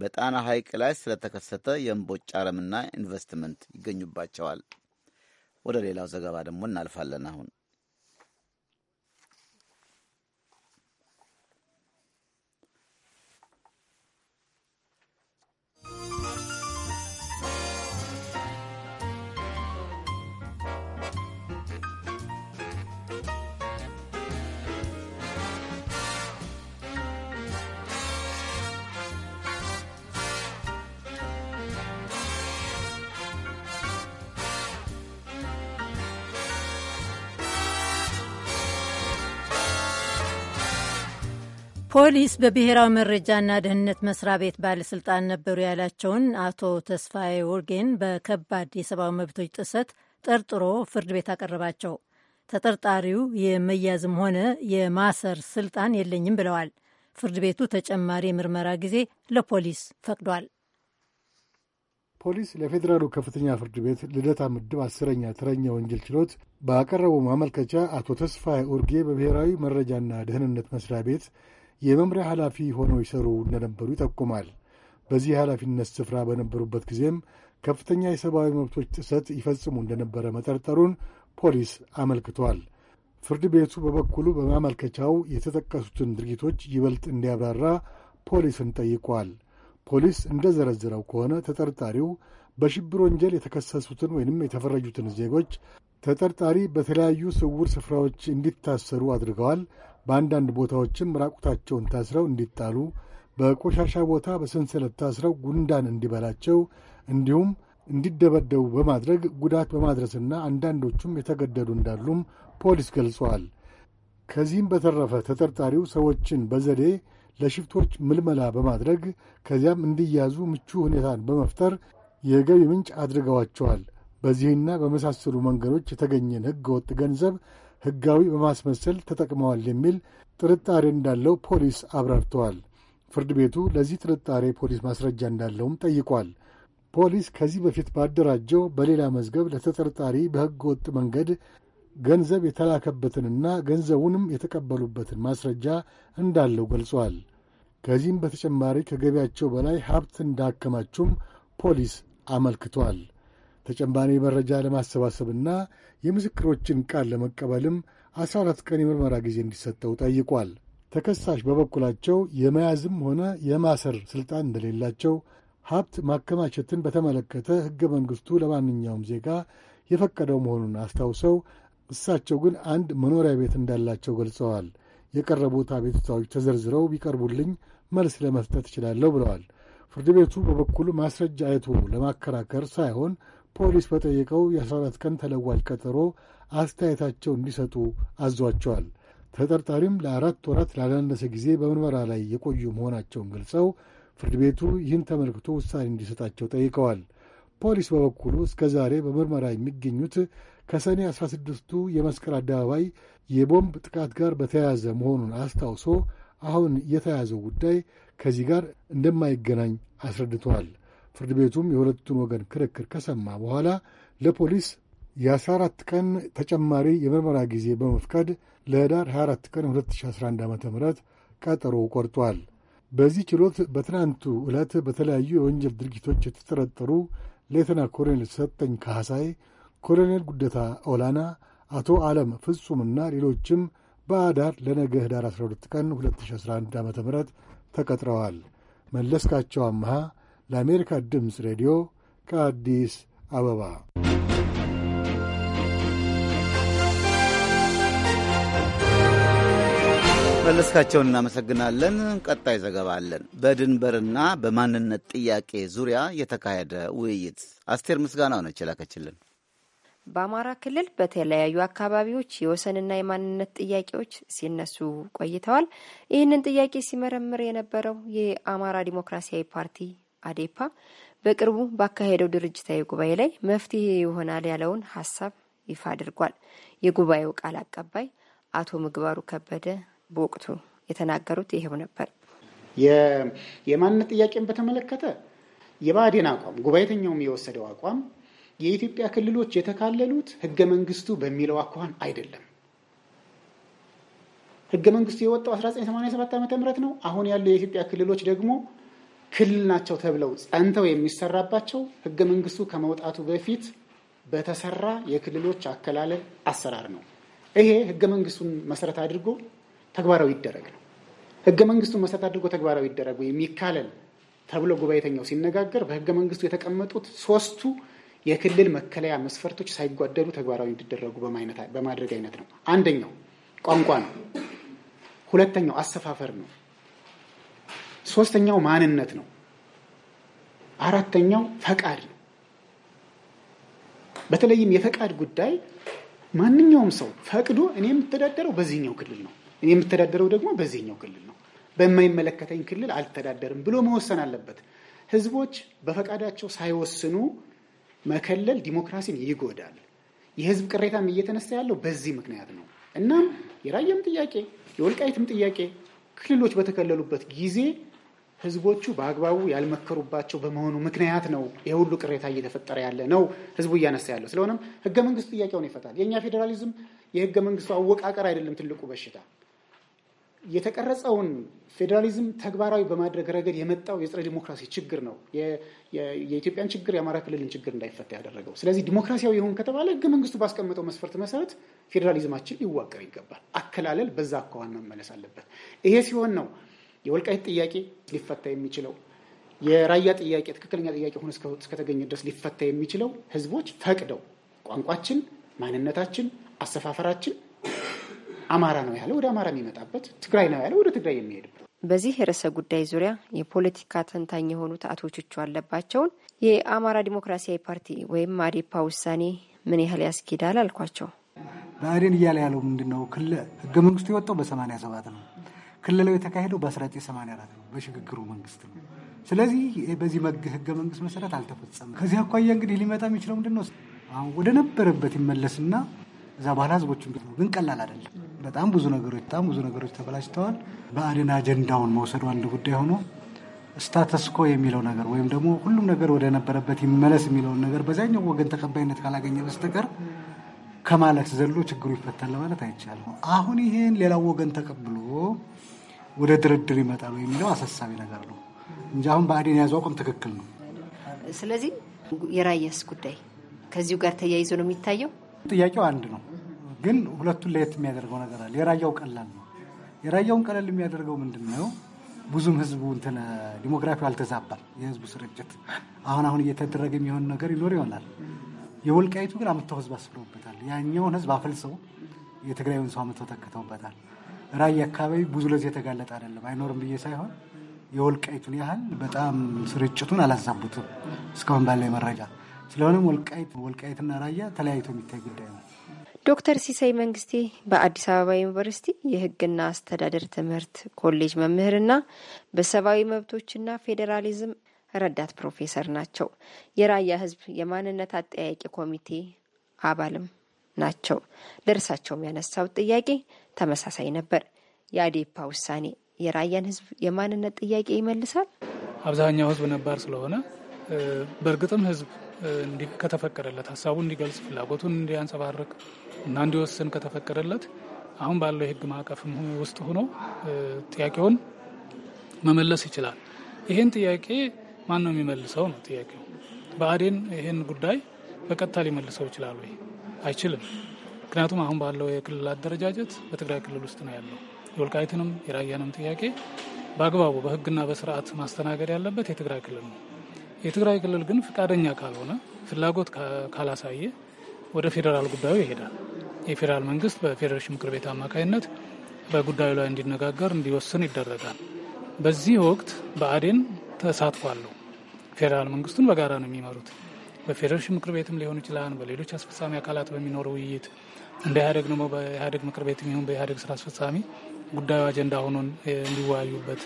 Speaker 1: በጣና ሐይቅ ላይ ስለተከሰተ የእምቦጭ አረምና ኢንቨስትመንት ይገኙባቸዋል። ወደ ሌላው ዘገባ ደግሞ እናልፋለን አሁን
Speaker 2: ፖሊስ በብሔራዊ መረጃና ደህንነት መስሪያ ቤት ባለስልጣን ነበሩ ያላቸውን አቶ ተስፋዬ ወርጌን በከባድ የሰብአዊ መብቶች ጥሰት ጠርጥሮ ፍርድ ቤት አቀረባቸው። ተጠርጣሪው የመያዝም ሆነ የማሰር ስልጣን የለኝም ብለዋል። ፍርድ ቤቱ ተጨማሪ የምርመራ ጊዜ ለፖሊስ ፈቅዷል።
Speaker 4: ፖሊስ ለፌዴራሉ ከፍተኛ ፍርድ ቤት ልደታ ምድብ አስረኛ ተረኛ ወንጀል ችሎት ባቀረበው ማመልከቻ አቶ ተስፋዬ ኡርጌ በብሔራዊ መረጃና ደህንነት መስሪያ ቤት የመምሪያ ኃላፊ ሆነው ይሰሩ እንደነበሩ ይጠቁማል። በዚህ ኃላፊነት ስፍራ በነበሩበት ጊዜም ከፍተኛ የሰብአዊ መብቶች ጥሰት ይፈጽሙ እንደነበረ መጠርጠሩን ፖሊስ አመልክቷል። ፍርድ ቤቱ በበኩሉ በማመልከቻው የተጠቀሱትን ድርጊቶች ይበልጥ እንዲያብራራ ፖሊስን ጠይቋል። ፖሊስ እንደዘረዘረው ከሆነ ተጠርጣሪው በሽብር ወንጀል የተከሰሱትን ወይንም የተፈረጁትን ዜጎች ተጠርጣሪ በተለያዩ ስውር ስፍራዎች እንዲታሰሩ አድርገዋል፣ በአንዳንድ ቦታዎችም ራቁታቸውን ታስረው እንዲጣሉ፣ በቆሻሻ ቦታ በሰንሰለት ታስረው ጉንዳን እንዲበላቸው እንዲሁም እንዲደበደቡ በማድረግ ጉዳት በማድረስና አንዳንዶቹም የተገደዱ እንዳሉም ፖሊስ ገልጸዋል። ከዚህም በተረፈ ተጠርጣሪው ሰዎችን በዘዴ ለሽፍቶች ምልመላ በማድረግ ከዚያም እንዲያዙ ምቹ ሁኔታን በመፍጠር የገቢ ምንጭ አድርገዋቸዋል። በዚህና በመሳሰሉ መንገዶች የተገኘን ሕገ ወጥ ገንዘብ ህጋዊ በማስመሰል ተጠቅመዋል የሚል ጥርጣሬ እንዳለው ፖሊስ አብራርተዋል። ፍርድ ቤቱ ለዚህ ጥርጣሬ ፖሊስ ማስረጃ እንዳለውም ጠይቋል። ፖሊስ ከዚህ በፊት ባደራጀው በሌላ መዝገብ ለተጠርጣሪ በሕገ ወጥ መንገድ ገንዘብ የተላከበትንና ገንዘቡንም የተቀበሉበትን ማስረጃ እንዳለው ገልጿል። ከዚህም በተጨማሪ ከገቢያቸው በላይ ሀብት እንዳከማቹም ፖሊስ አመልክቷል። ተጨማሪ መረጃ ለማሰባሰብና የምስክሮችን ቃል ለመቀበልም 14 ቀን የምርመራ ጊዜ እንዲሰጠው ጠይቋል። ተከሳሽ በበኩላቸው የመያዝም ሆነ የማሰር ስልጣን እንደሌላቸው፣ ሀብት ማከማቸትን በተመለከተ ሕገ መንግሥቱ ለማንኛውም ዜጋ የፈቀደው መሆኑን አስታውሰው እሳቸው ግን አንድ መኖሪያ ቤት እንዳላቸው ገልጸዋል። የቀረቡት አቤቱታዎች ተዘርዝረው ቢቀርቡልኝ መልስ ለመስጠት እችላለሁ ብለዋል። ፍርድ ቤቱ በበኩሉ ማስረጃ አይቶ ለማከራከር ሳይሆን ፖሊስ በጠየቀው የ14 ቀን ተለዋጭ ቀጠሮ አስተያየታቸው እንዲሰጡ አዟቸዋል። ተጠርጣሪም ለአራት ወራት ላላነሰ ጊዜ በምርመራ ላይ የቆዩ መሆናቸውን ገልጸው ፍርድ ቤቱ ይህን ተመልክቶ ውሳኔ እንዲሰጣቸው ጠይቀዋል። ፖሊስ በበኩሉ እስከ ዛሬ በምርመራ የሚገኙት ከሰኔ 16ቱ የመስቀል አደባባይ የቦምብ ጥቃት ጋር በተያያዘ መሆኑን አስታውሶ አሁን የተያዘው ጉዳይ ከዚህ ጋር እንደማይገናኝ አስረድቷል። ፍርድ ቤቱም የሁለቱን ወገን ክርክር ከሰማ በኋላ ለፖሊስ የ14 ቀን ተጨማሪ የምርመራ ጊዜ በመፍቀድ ለህዳር 24 ቀን 2011 ዓ ም ቀጠሮ ቆርጧል። በዚህ ችሎት በትናንቱ ዕለት በተለያዩ የወንጀል ድርጊቶች የተጠረጠሩ ሌተና ኮሎኔል ሰጠኝ ካሳይ፣ ኮሎኔል ጉደታ ኦላና፣ አቶ ዓለም ፍጹምና ሌሎችም በአዳር ለነገ ህዳር 12 ቀን 2011 ዓ ም ተቀጥረዋል። መለስካቸው አምሃ ለአሜሪካ ድምፅ ሬዲዮ ከአዲስ አበባ
Speaker 1: መለስካቸውን እናመሰግናለን። ቀጣይ ዘገባ አለን። በድንበርና በማንነት ጥያቄ ዙሪያ የተካሄደ ውይይት አስቴር ምስጋናው ነች የላከችልን።
Speaker 9: በአማራ ክልል በተለያዩ አካባቢዎች የወሰንና የማንነት ጥያቄዎች ሲነሱ ቆይተዋል። ይህንን ጥያቄ ሲመረምር የነበረው የአማራ ዲሞክራሲያዊ ፓርቲ አዴፓ በቅርቡ ባካሄደው ድርጅታዊ ጉባኤ ላይ መፍትሄ ይሆናል ያለውን ሀሳብ ይፋ አድርጓል። የጉባኤው ቃል አቀባይ አቶ ምግባሩ ከበደ በወቅቱ የተናገሩት ይሄው ነበር። የማንነት ጥያቄን በተመለከተ የባዴን አቋም
Speaker 14: ጉባኤተኛውም የወሰደው አቋም የኢትዮጵያ ክልሎች የተካለሉት ህገ መንግስቱ በሚለው አኳኋን አይደለም። ህገ መንግስቱ የወጣው 1987 ዓ ም ነው። አሁን ያለው የኢትዮጵያ ክልሎች ደግሞ ክልል ናቸው ተብለው ጸንተው የሚሰራባቸው ህገ መንግስቱ ከመውጣቱ በፊት በተሰራ የክልሎች አከላለል አሰራር ነው። ይሄ ህገ መንግስቱን መሰረት አድርጎ ተግባራዊ ይደረግ ነው። ህገ መንግስቱን መሰረት አድርጎ ተግባራዊ ይደረግ ወይም ይካለል ተብሎ ጉባኤተኛው ሲነጋገር በህገ መንግስቱ የተቀመጡት ሶስቱ የክልል መከለያ መስፈርቶች ሳይጓደሉ ተግባራዊ እንዲደረጉ በማድረግ አይነት ነው። አንደኛው ቋንቋ ነው። ሁለተኛው አሰፋፈር ነው። ሶስተኛው ማንነት ነው። አራተኛው ፈቃድ ነው። በተለይም የፈቃድ ጉዳይ ማንኛውም ሰው ፈቅዶ እኔ የምተዳደረው በዚህኛው ክልል ነው፣ እኔ የምተዳደረው ደግሞ በዚህኛው ክልል ነው፣ በማይመለከተኝ ክልል አልተዳደርም ብሎ መወሰን አለበት። ህዝቦች በፈቃዳቸው ሳይወስኑ መከለል ዲሞክራሲን ይጎዳል። የህዝብ ቅሬታም እየተነሳ ያለው በዚህ ምክንያት ነው። እናም የራየም ጥያቄ የወልቃይትም ጥያቄ ክልሎች በተከለሉበት ጊዜ ህዝቦቹ በአግባቡ ያልመከሩባቸው በመሆኑ ምክንያት ነው የሁሉ ቅሬታ እየተፈጠረ ያለ ነው ህዝቡ እያነሳ ያለው። ስለሆነም ህገ መንግስት ጥያቄውን ይፈታል። የእኛ ፌዴራሊዝም የህገ መንግስቱ አወቃቀር አይደለም ትልቁ በሽታ። የተቀረጸውን ፌዴራሊዝም ተግባራዊ በማድረግ ረገድ የመጣው የጸረ ዲሞክራሲ ችግር ነው የኢትዮጵያን ችግር የአማራ ክልልን ችግር እንዳይፈታ ያደረገው። ስለዚህ ዲሞክራሲያዊ ይሁን ከተባለ ህገ መንግስቱ ባስቀመጠው መስፈርት መሰረት ፌዴራሊዝማችን ሊዋቀር ይገባል። አከላለል በዛ አኳኋን መመለስ አለበት። ይሄ ሲሆን ነው የወልቃይት ጥያቄ ሊፈታ የሚችለው የራያ ጥያቄ ትክክለኛ ጥያቄ ሆኖ እስከተገኘ ድረስ ሊፈታ የሚችለው ህዝቦች ፈቅደው ቋንቋችን፣ ማንነታችን፣ አሰፋፈራችን
Speaker 9: አማራ ነው ያለ ወደ አማራ የሚመጣበት፣ ትግራይ ነው ያለ ወደ ትግራይ የሚሄድበት። በዚህ ርዕሰ ጉዳይ ዙሪያ የፖለቲካ ተንታኝ የሆኑት አቶ ቹቹ አለባቸውን የአማራ ዲሞክራሲያዊ ፓርቲ ወይም አዴፓ ውሳኔ ምን ያህል ያስኪዳል አልኳቸው።
Speaker 15: ብአዴን እያለ ያለው ምንድን ነው? ህገ መንግስቱ የወጣው በሰማንያ ሰባት ነው ክልላዊ የተካሄደው በ1984 ነው፣ በሽግግሩ መንግስት ነው። ስለዚህ በዚህ ህገ መንግስት መሰረት አልተፈጸመም። ከዚህ አኳያ እንግዲህ ሊመጣ የሚችለው ምንድን ነው? አሁን ወደ ነበረበት ይመለስና እዛ ባህላ ህዝቦች ግን ቀላል አይደለም። በጣም ብዙ ነገሮች በጣም ብዙ ነገሮች ተበላሽተዋል። በአድን አጀንዳውን መውሰዱ አንድ ጉዳይ ሆኖ ስታተስኮ የሚለው ነገር ወይም ደግሞ ሁሉም ነገር ወደ ነበረበት ይመለስ የሚለውን ነገር በዛኛው ወገን ተቀባይነት ካላገኘ በስተቀር ከማለት ዘሎ ችግሩ ይፈታል ለማለት አይቻልም። አሁን ይሄን ሌላው ወገን ተቀብሎ ወደ ድርድር ይመጣል የሚለው አሳሳቢ ነገር ነው እንጂ አሁን ብአዴን የያዘው አቋም ትክክል ነው።
Speaker 9: ስለዚህ የራያስ ጉዳይ ከዚሁ ጋር ተያይዞ ነው የሚታየው።
Speaker 15: ጥያቄው አንድ ነው፣ ግን ሁለቱን ለየት የሚያደርገው ነገር አለ። የራያው ቀላል ነው። የራያውን ቀለል የሚያደርገው ምንድን ነው? ብዙም ህዝቡ እንትን ዲሞግራፊ አልተዛባል። የህዝቡ ስርጭት አሁን አሁን እየተደረገ የሚሆን ነገር ይኖር ይሆናል። የወልቃይቱ ግን አምጥተው ህዝብ አስፍረውበታል። ያኛውን ህዝብ አፈልሰው የትግራዩን ሰው አምጥተው ተክተውበታል። ራያ አካባቢ ብዙ ለዚህ የተጋለጠ አይደለም። አይኖርም ብዬ ሳይሆን የወልቃይቱን ያህል በጣም ስርጭቱን አላዛቡትም እስካሁን ባለ መረጃ። ስለሆነም ወልቃይት ወልቃይትና ራያ ተለያይቶ የሚታይ ጉዳይ ነው።
Speaker 9: ዶክተር ሲሳይ መንግስቴ በአዲስ አበባ ዩኒቨርሲቲ የህግና አስተዳደር ትምህርት ኮሌጅ መምህርና በሰብአዊ መብቶችና ፌዴራሊዝም ረዳት ፕሮፌሰር ናቸው። የራያ ህዝብ የማንነት አጠያቂ ኮሚቴ አባልም ናቸው። ለእርሳቸውም ያነሳው ጥያቄ ተመሳሳይ ነበር። የአዴፓ ውሳኔ የራያን ህዝብ የማንነት ጥያቄ ይመልሳል።
Speaker 6: አብዛኛው ህዝብ ነባር ስለሆነ በእርግጥም ህዝብ ከተፈቀደለት ሀሳቡ እንዲገልጽ ፍላጎቱን እንዲያንጸባርቅ እና እንዲወስን ከተፈቀደለት አሁን ባለው የህግ ማዕቀፍ ውስጥ ሆኖ ጥያቄውን መመለስ ይችላል። ይህን ጥያቄ ማን ነው የሚመልሰው ነው ጥያቄው። በአዴን ይህን ጉዳይ በቀጥታ ሊመልሰው ይችላሉ። አይችልም። ምክንያቱም አሁን ባለው የክልል አደረጃጀት በትግራይ ክልል ውስጥ ነው ያለው። የወልቃይትንም የራያንም ጥያቄ በአግባቡ በህግና በስርዓት ማስተናገድ ያለበት የትግራይ ክልል ነው። የትግራይ ክልል ግን ፈቃደኛ ካልሆነ፣ ፍላጎት ካላሳየ ወደ ፌዴራል ጉዳዩ ይሄዳል። የፌዴራል መንግስት በፌዴሬሽን ምክር ቤት አማካኝነት በጉዳዩ ላይ እንዲነጋገር እንዲወስን ይደረጋል። በዚህ ወቅት በአዴን ተሳትፏለሁ ፌዴራል መንግስቱን በጋራ ነው የሚመሩት። በፌዴሬሽን ምክር ቤትም ሊሆን ይችላል፣ በሌሎች አስፈጻሚ አካላት በሚኖሩ ውይይት እንደ ኢህአዴግ ደግሞ በኢህአዴግ ምክር ቤት ይሁን በኢህአዴግ ስራ አስፈጻሚ ጉዳዩ አጀንዳ ሆኖ እንዲወያዩበት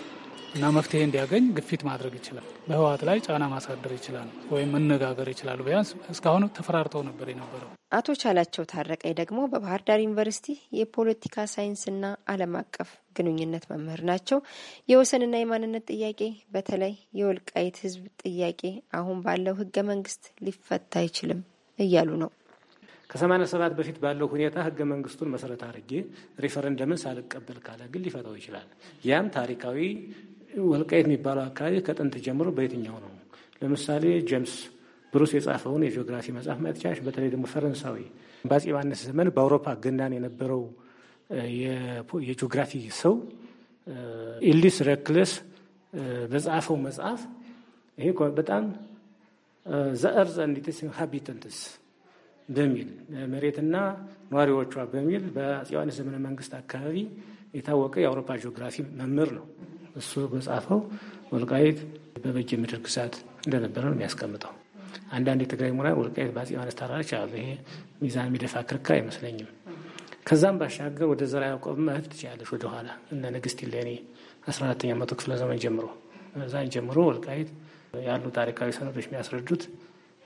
Speaker 6: እና መፍትሄ እንዲያገኝ ግፊት ማድረግ ይችላል። በህወሓት ላይ ጫና ማሳደር ይችላል፣ ወይም መነጋገር ይችላሉ። ቢያንስ እስካሁን ተፈራርተው ነበር የነበረው።
Speaker 9: አቶ ቻላቸው ታረቀኝ ደግሞ በባህር ዳር ዩኒቨርሲቲ የፖለቲካ ሳይንስና ዓለም አቀፍ ግንኙነት መምህር ናቸው። የወሰንና የማንነት ጥያቄ በተለይ የወልቃይት ህዝብ ጥያቄ አሁን ባለው ህገ መንግስት ሊፈታ አይችልም እያሉ ነው።
Speaker 16: ከሰማንያ ሰባት በፊት ባለው ሁኔታ ህገ መንግስቱን መሰረት አድርጌ ሪፈረንደምን ሳልቀበል ካለ ግን ሊፈታው ይችላል። ያም ታሪካዊ ወልቃይት የሚባለው አካባቢ ከጥንት ጀምሮ በየትኛው ነው? ለምሳሌ ጀምስ ብሩስ የጻፈውን የጂኦግራፊ መጽሐፍ ማየት በተለይ ደግሞ ፈረንሳዊ በአፄ ዮሐንስ ዘመን በአውሮፓ ገናን የነበረው የጂኦግራፊ ሰው ኢሊስ ረክለስ በጻፈው መጽሐፍ ይሄ በጣም ዘእርዘ እንዲትስ ሀቢተንትስ በሚል መሬትና ነዋሪዎቿ በሚል በአፄ ዮሐንስ ዘመነ መንግስት አካባቢ የታወቀ የአውሮፓ ጂኦግራፊ መምህር ነው። እሱ በጻፈው ወልቃይት በበጌ ምድር ግዛት እንደነበረ ነው የሚያስቀምጠው። አንዳንድ የትግራይ ሙራ ወልቃይት በአፄ ዮሐንስ ታራለች አሉ። ይሄ ሚዛን የሚደፋ ክርክር አይመስለኝም። ከዛም ባሻገር ወደ ዘርዓ ያዕቆብ መሄድ ትችላለች። ወደኋላ እነ ንግስት እሌኒ አስራ አራተኛ መቶ ክፍለ ዘመን ጀምሮ እዛን ጀምሮ ወልቃይት ያሉ ታሪካዊ ሰነዶች የሚያስረዱት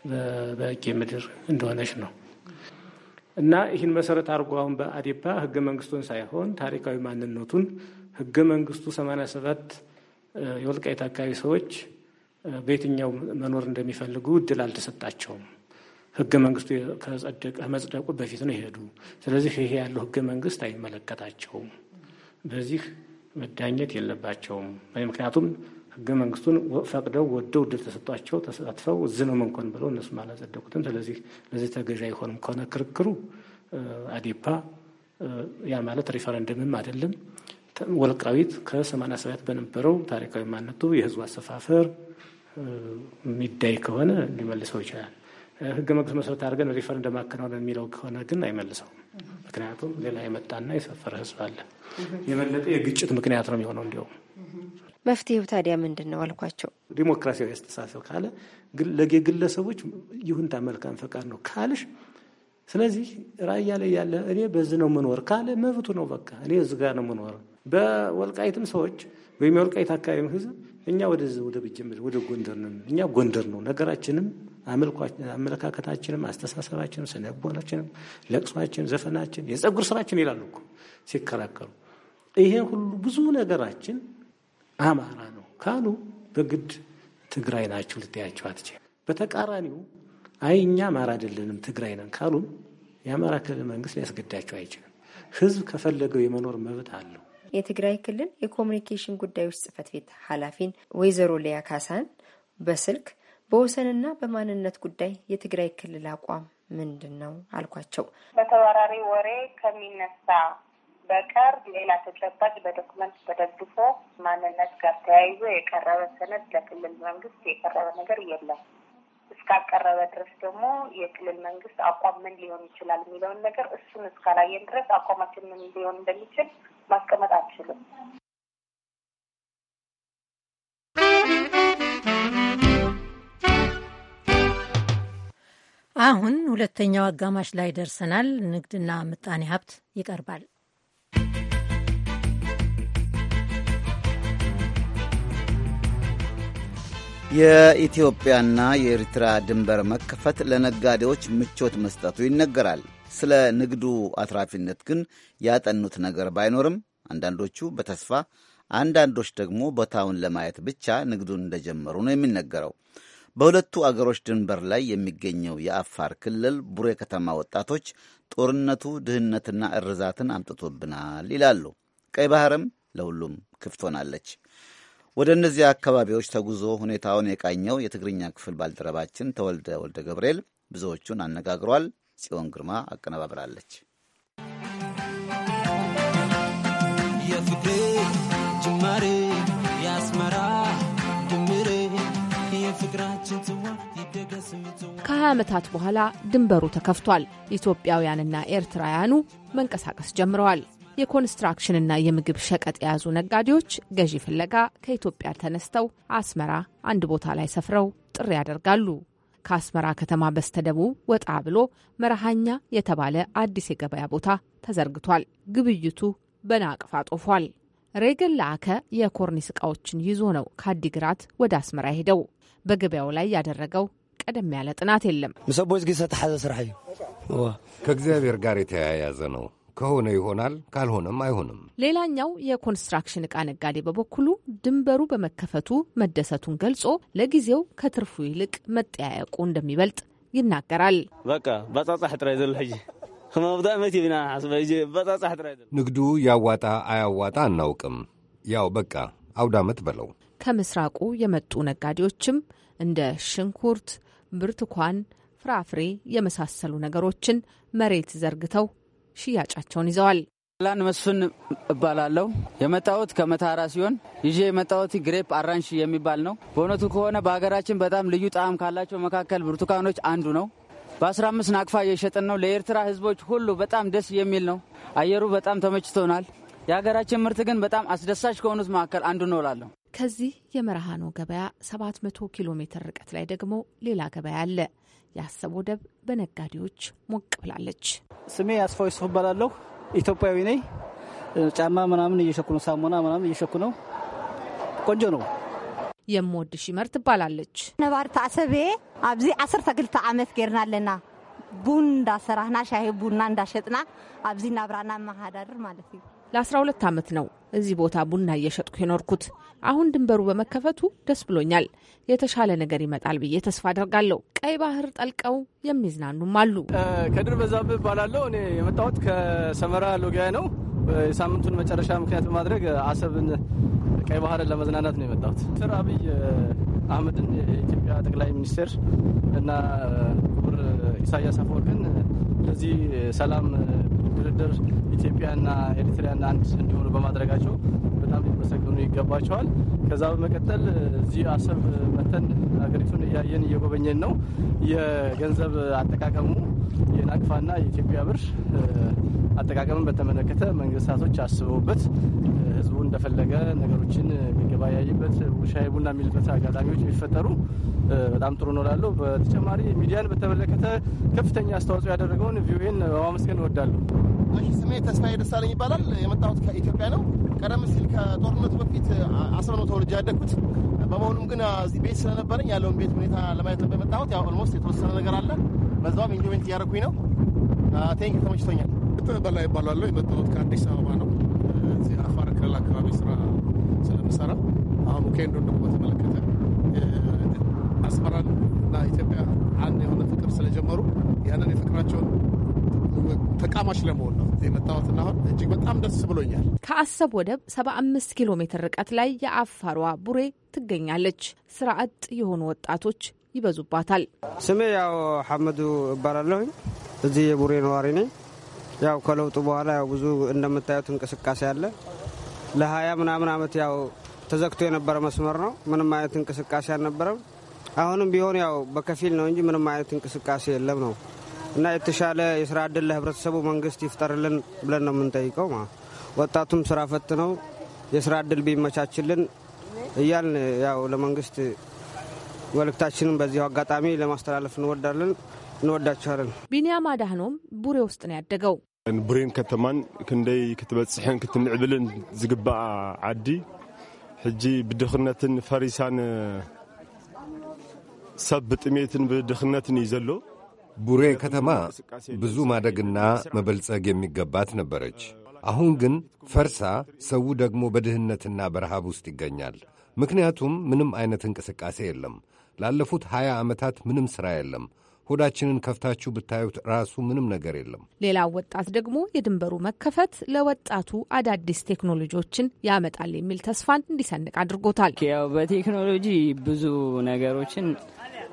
Speaker 16: በበጌ ምድር እንደሆነች ነው እና ይህን መሰረት አድርጎ አሁን በአዴፓ ህገ መንግስቱን ሳይሆን ታሪካዊ ማንነቱን ህገ መንግስቱ 87 የወልቃይት አካባቢ ሰዎች በየትኛው መኖር እንደሚፈልጉ እድል አልተሰጣቸውም። ህገ መንግስቱ ከመጽደቁ መጽደቁ በፊት ነው ይሄዱ። ስለዚህ ይሄ ያለው ህገ መንግስት አይመለከታቸውም። በዚህ መዳኘት የለባቸውም። ምክንያቱም ህገ መንግስቱን ፈቅደው ወደው እድል ተሰጧቸው ተሳትፈው እዚህ ነው መንኮን ብለው እነሱም አላጸደቁትም። ስለዚህ ለዚህ ተገዥ አይሆንም ከሆነ ክርክሩ አዴፓ ያ ማለት ሪፈረንደምም አይደለም። ወልቃዊት ከ87 በነበረው ታሪካዊ ማነቱ የህዝቡ አሰፋፈር የሚዳይ ከሆነ ሊመልሰው ይችላል። ህገ መንግስት መሰረት አድርገን ሪፈረንደም ማከናወን የሚለው ከሆነ ግን አይመልሰውም። ምክንያቱም ሌላ የመጣና የሰፈረ ህዝብ አለ። የበለጠ የግጭት ምክንያት ነው የሚሆነው። እንዲሁም
Speaker 9: መፍትሄው ታዲያ ምንድን ነው
Speaker 16: አልኳቸው። ዲሞክራሲያዊ አስተሳሰብ ካለ ለግለሰቦች ይሁንታ መልካም ፈቃድ ነው ካልሽ ስለዚህ ራያ ላይ ያለ እኔ በዚህ ነው ምኖር ካለ መብቱ ነው። በቃ እኔ እዚህ ጋር ነው ምኖር በወልቃይትም ሰዎች ወይም የወልቃይት አካባቢም ህዝብ እኛ ወደዚህ ወደ ብጀምር ወደ ጎንደር ነው። እኛ ጎንደር ነው ነገራችንም፣ አመለካከታችንም፣ አስተሳሰባችንም፣ ስነቦናችንም፣ ለቅሷችን፣ ዘፈናችን፣ የጸጉር ስራችን ይላሉ እኮ ሲከራከሩ። ይሄን ሁሉ ብዙ ነገራችን አማራ ነው ካሉ በግድ ትግራይ ናችሁ ልትያቸው አትችል። በተቃራኒው አይ እኛ አማራ አይደለንም ትግራይ ነን ካሉም የአማራ ክልል መንግስት ሊያስገዳቸው አይችልም። ህዝብ ከፈለገው የመኖር መብት አለው።
Speaker 9: የትግራይ ክልል የኮሚኒኬሽን ጉዳዮች ጽህፈት ቤት ኃላፊን ወይዘሮ ሊያ ካሳን በስልክ በወሰንና በማንነት ጉዳይ የትግራይ ክልል አቋም ምንድን ነው አልኳቸው።
Speaker 3: በተወራሪ ወሬ ከሚነሳ በቀር ሌላ ተጨባጭ በዶክመንት ተደግፎ ማንነት ጋር ተያይዞ የቀረበ ሰነድ ለክልል መንግስት የቀረበ ነገር የለም። እስካቀረበ ድረስ ደግሞ የክልል መንግስት አቋም ምን ሊሆን ይችላል የሚለውን ነገር እሱን እስካላየን ድረስ አቋማችን ምን ሊሆን እንደሚችል ማስቀመጥ አንችልም።
Speaker 2: አሁን ሁለተኛው አጋማሽ ላይ ደርሰናል። ንግድና ምጣኔ ሀብት ይቀርባል።
Speaker 1: የኢትዮጵያና የኤርትራ ድንበር መከፈት ለነጋዴዎች ምቾት መስጠቱ ይነገራል። ስለ ንግዱ አትራፊነት ግን ያጠኑት ነገር ባይኖርም አንዳንዶቹ በተስፋ አንዳንዶች ደግሞ ቦታውን ለማየት ብቻ ንግዱን እንደጀመሩ ነው የሚነገረው። በሁለቱ አገሮች ድንበር ላይ የሚገኘው የአፋር ክልል ቡሬ ከተማ ወጣቶች ጦርነቱ ድህነትና እርዛትን አምጥቶብናል ይላሉ። ቀይ ባህርም ለሁሉም ክፍት ሆናለች። ወደ እነዚያ አካባቢዎች ተጉዞ ሁኔታውን የቃኘው የትግርኛ ክፍል ባልደረባችን ተወልደ ወልደ ገብርኤል ብዙዎቹን አነጋግሯል። ጽዮን ግርማ አቀነባብራለች።
Speaker 11: የፍቅር ጅማሬ የአስመራ ድምሬ የፍቅራችን ጽዋ
Speaker 3: ከሀያ ዓመታት በኋላ ድንበሩ ተከፍቷል። ኢትዮጵያውያንና ኤርትራውያኑ መንቀሳቀስ ጀምረዋል። የኮንስትራክሽንና የምግብ ሸቀጥ የያዙ ነጋዴዎች ገዢ ፍለጋ ከኢትዮጵያ ተነስተው አስመራ አንድ ቦታ ላይ ሰፍረው ጥሪ ያደርጋሉ። ከአስመራ ከተማ በስተደቡብ ወጣ ብሎ መርሃኛ የተባለ አዲስ የገበያ ቦታ ተዘርግቷል። ግብይቱ በናቅፋ ጦፏል። ሬገን ለአከ የኮርኒስ እቃዎችን ይዞ ነው ከአዲግራት ወደ አስመራ ሄደው በገበያው ላይ ያደረገው ቀደም ያለ ጥናት የለም።
Speaker 11: ምሰቦ ዝጊ ዝተሓዘ ስራሕ
Speaker 17: እዩ ከእግዚአብሔር ጋር የተያያዘ ነው። ከሆነ ይሆናል፣ ካልሆነም አይሆንም።
Speaker 3: ሌላኛው የኮንስትራክሽን ዕቃ ነጋዴ በበኩሉ ድንበሩ በመከፈቱ መደሰቱን ገልጾ ለጊዜው ከትርፉ ይልቅ መጠያየቁ እንደሚበልጥ ይናገራል።
Speaker 16: በቃ በጻጻሕ ጥራይ ዘሎ ሕጂ
Speaker 3: ንግዱ
Speaker 17: ያዋጣ አያዋጣ አናውቅም። ያው በቃ አውዳመት በለው።
Speaker 3: ከምስራቁ የመጡ ነጋዴዎችም እንደ ሽንኩርት፣ ብርቱካን፣ ፍራፍሬ የመሳሰሉ ነገሮችን መሬት ዘርግተው ሽያጫቸውን ይዘዋል። ላን መስፍን
Speaker 11: እባላለሁ። የመጣሁት ከመታራ ሲሆን ይዤ የመጣሁት ግሬፕ አራንሽ የሚባል ነው። በእውነቱ ከሆነ በሀገራችን በጣም ልዩ ጣዕም ካላቸው መካከል ብርቱካኖች አንዱ ነው። በ15 ናቅፋ እየሸጥን ነው። ለኤርትራ ህዝቦች ሁሉ በጣም ደስ የሚል ነው። አየሩ በጣም ተመችቶናል። የሀገራችን ምርት ግን በጣም አስደሳች ከሆኑት መካከል አንዱ ነው እላለሁ።
Speaker 3: ከዚህ የመርሃኖ ገበያ 700 ኪሎ ሜትር ርቀት ላይ ደግሞ ሌላ ገበያ አለ። የአሰብ ወደብ በነጋዴዎች ሞቅ ብላለች።
Speaker 11: ስሜ አስፋው ሱፍ እባላለሁ። ኢትዮጵያዊ ነኝ። ጫማ ምናምን እየሸኩ ነው። ሳሙና ምናምን እየሸኩ ነው። ቆንጆ ነው።
Speaker 3: የምወድ ሽመር ትባላለች። ነባሪት አሰቤ ኣብዚ ክልተ ዓመት ጌርና ኣለና ቡን እንዳሰራህና ሻሂ ቡና እንዳሸጥና ኣብዚ ናብራና መሃዳድር ማለት እዩ ለ12 ዓመት ነው እዚህ ቦታ ቡና እየሸጥኩ የኖርኩት። አሁን ድንበሩ በመከፈቱ ደስ ብሎኛል። የተሻለ ነገር ይመጣል ብዬ ተስፋ አደርጋለሁ። ቀይ ባህር ጠልቀው የሚዝናኑም አሉ።
Speaker 10: ከድር በዛብህ እባላለሁ። እኔ የመጣሁት ከሰመራ ሎጊያ ነው። የሳምንቱን መጨረሻ ምክንያት በማድረግ አሰብን ቀይ ባህርን ለመዝናናት ነው የመጣሁት። ስር አብይ አህመድን የኢትዮጵያ ጠቅላይ ሚኒስትር እና ክቡር ኢሳያስ አፈወርቅን ለዚህ ሰላም ድርድር ኢትዮጵያና ኤርትራና አንድ እንዲሆኑ በማድረጋቸው በጣም ሊመሰገኑ ይገባቸዋል። ከዛ በመቀጠል እዚህ አሰብ መተን ሀገሪቱን እያየን እየጎበኘን ነው። የገንዘብ አጠቃቀሙ የናቅፋና የኢትዮጵያ ብር አጠቃቀምን በተመለከተ መንግስታቶች አስበውበት ህዝቡ እንደፈለገ ነገሮችን የሚገበያይበት ሻይ ቡና የሚልበት አጋጣሚዎች የሚፈጠሩ በጣም ጥሩ ነው ላለው። በተጨማሪ ሚዲያን በተመለከተ ከፍተኛ አስተዋጽኦ ያደረገውን ቪኦኤን በማመስገን እወዳለሁ። ስሜ ተስፋዬ ደሳለኝ ይባላል። የመጣሁት
Speaker 18: ከኢትዮጵያ ነው። ቀደም ሲል ከጦርነቱ በፊት አስራ ነው ተወልጄ ያደግኩት። በመሆኑም ግን እዚህ ቤት ስለነበረኝ ያለውን ቤት ሁኔታ ለማየት ነበር የመጣሁት። ያው ኦልሞስት የተወሰነ ነገር አለ። በዛውም ኢንጆይመንት እያደረኩኝ ነው። ቴንክ ተመችቶኛል። በላይ ይባላለሁ። የመጣሁት ከአዲስ አበባ ነው። እዚህ አፋር ክልል አካባቢ ስራ ስለምሰራ አሁን ከንዶ ደግሞ በተመለከተ አስመራን እና ኢትዮጵያ አንድ የሆነ ፍቅር ስለጀመሩ ያንን የፍቅራቸውን ተቃማሽ ለመሆን ነው የመጣሁትና አሁን እጅግ በጣም ደስ ብሎኛል።
Speaker 3: ከአሰብ ወደብ 75 ኪሎ ሜትር ርቀት ላይ የአፋሯ ቡሬ ትገኛለች። ስራ አጥ የሆኑ ወጣቶች ይበዙባታል።
Speaker 11: ስሜ ያው ሐመዱ እባላለሁኝ። እዚህ የቡሬ ነዋሪ ነኝ። ያው ከለውጡ በኋላ ያው ብዙ እንደምታዩት እንቅስቃሴ አለ። ለሀያ ምናምን ዓመት ያው ተዘግቶ የነበረ መስመር ነው። ምንም አይነት እንቅስቃሴ አልነበረም። አሁንም ቢሆን ያው በከፊል ነው እንጂ ምንም አይነት እንቅስቃሴ የለም ነው እና የተሻለ የስራ እድል ለህብረተሰቡ መንግስት ይፍጠርልን ብለን ነው የምንጠይቀው። ወጣቱም ስራ ፈት ነው፣ የስራ እድል ቢመቻችልን እያልን ያው ለመንግስት መልእክታችንን በዚሁ አጋጣሚ ለማስተላለፍ እንወዳለን። እንወዳቸዋለን።
Speaker 3: ቢንያም አዳህኖም ቡሬ ውስጥ ነው ያደገው።
Speaker 9: ቡሬን ከተማን ክንደይ ክትበፅሕን ክትምዕብልን ዝግባአ ዓዲ ሕጂ ብድኽነትን ፈሪሳን ሰብ ብጥሜትን ብድኽነትን እዩ ዘሎ ቡሬ
Speaker 17: ከተማ ብዙ ማደግና መበልጸግ የሚገባት ነበረች። አሁን ግን ፈርሳ፣ ሰው ደግሞ በድህነትና በረሃብ ውስጥ ይገኛል። ምክንያቱም ምንም አይነት እንቅስቃሴ የለም። ላለፉት ሀያ ዓመታት ምንም ሥራ የለም። ሆዳችንን ከፍታችሁ ብታዩት ራሱ ምንም ነገር የለም።
Speaker 3: ሌላው ወጣት ደግሞ የድንበሩ መከፈት ለወጣቱ አዳዲስ ቴክኖሎጂዎችን ያመጣል የሚል ተስፋን እንዲሰንቅ አድርጎታል።
Speaker 17: ያው በቴክኖሎጂ
Speaker 13: ብዙ ነገሮችን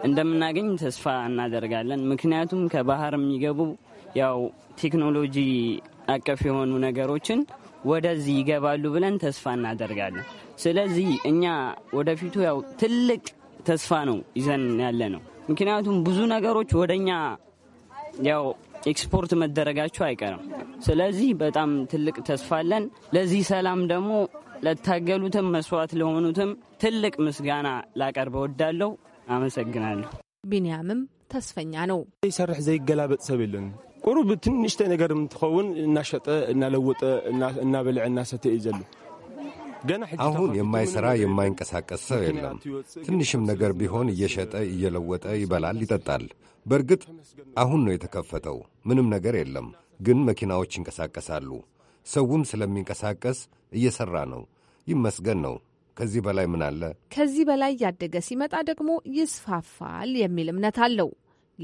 Speaker 13: እንደምናገኝ ተስፋ እናደርጋለን። ምክንያቱም ከባህር የሚገቡ ያው ቴክኖሎጂ አቀፍ የሆኑ ነገሮችን ወደዚህ ይገባሉ ብለን ተስፋ እናደርጋለን። ስለዚህ እኛ ወደፊቱ ያው ትልቅ ተስፋ ነው ይዘን ያለ ነው። ምክንያቱም ብዙ ነገሮች ወደኛ
Speaker 11: ያው ኤክስፖርት መደረጋቸው አይቀርም። ስለዚህ በጣም ትልቅ ተስፋ አለን። ለዚህ ሰላም ደግሞ ለታገሉትም መስዋዕት ለሆኑትም ትልቅ ምስጋና ላቀርብ እወዳለሁ። አመሰግናለሁ።
Speaker 3: ቢንያምም ተስፈኛ ነው።
Speaker 11: ይሰርሕ ዘይገላበጥ
Speaker 19: ሰብ የለን ቁሩ ብትንሽተ ነገር እንትኸውን እናሸጠ እናለወጠ እናበልዐ እናሰተ እዩ ዘሎ አሁን የማይሰራ የማይንቀሳቀስ ሰው
Speaker 17: የለም። ትንሽም ነገር ቢሆን እየሸጠ እየለወጠ ይበላል፣ ይጠጣል። በእርግጥ አሁን ነው የተከፈተው፣ ምንም ነገር የለም፣ ግን መኪናዎች ይንቀሳቀሳሉ። ሰውም ስለሚንቀሳቀስ እየሠራ ነው። ይመስገን ነው። ከዚህ በላይ ምን አለ?
Speaker 3: ከዚህ በላይ ያደገ ሲመጣ ደግሞ ይስፋፋል የሚል እምነት አለው።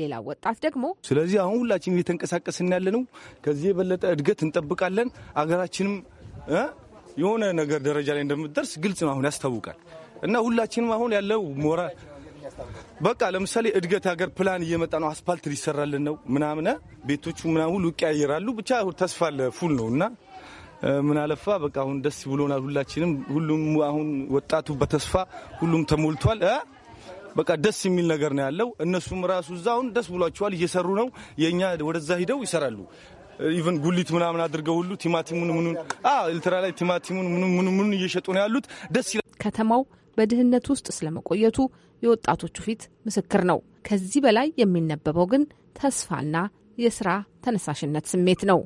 Speaker 3: ሌላ ወጣት ደግሞ
Speaker 17: ስለዚህ
Speaker 16: አሁን ሁላችን እየተንቀሳቀስን ያለ ነው። ከዚህ የበለጠ እድገት እንጠብቃለን። አገራችንም የሆነ ነገር ደረጃ ላይ እንደምትደርስ ግልጽ አሁን ያስታውቃል። እና ሁላችንም አሁን ያለው ሞራ በቃ ለምሳሌ እድገት ሀገር ፕላን እየመጣ ነው። አስፓልት ሊሰራልን ነው ምናምነ ቤቶቹ ምናምን ሁሉ ይቀያየራሉ። ብቻ ተስፋ ፉል ነው እና ምን አለፋ በቃ አሁን ደስ ብሎናል። ሁላችንም ሁሉም አሁን ወጣቱ በተስፋ ሁሉም ተሞልቷል። በቃ ደስ የሚል ነገር ነው ያለው። እነሱም ራሱ እዛ አሁን ደስ ብሏቸዋል፣ እየሰሩ ነው። የእኛ ወደዛ ሂደው ይሰራሉ። ኢቨን ጉሊት ምናምን አድርገው ሁሉ ቲማቲሙን ምኑን ኤልትራ ላይ ቲማቲሙን ምኑን ምኑን እየሸጡ ነው ያሉት። ደስ ይላል።
Speaker 3: ከተማው በድህነት ውስጥ ስለመቆየቱ የወጣቶቹ ፊት ምስክር ነው። ከዚህ በላይ የሚነበበው ግን ተስፋና የስራ ተነሳሽነት ስሜት ነው።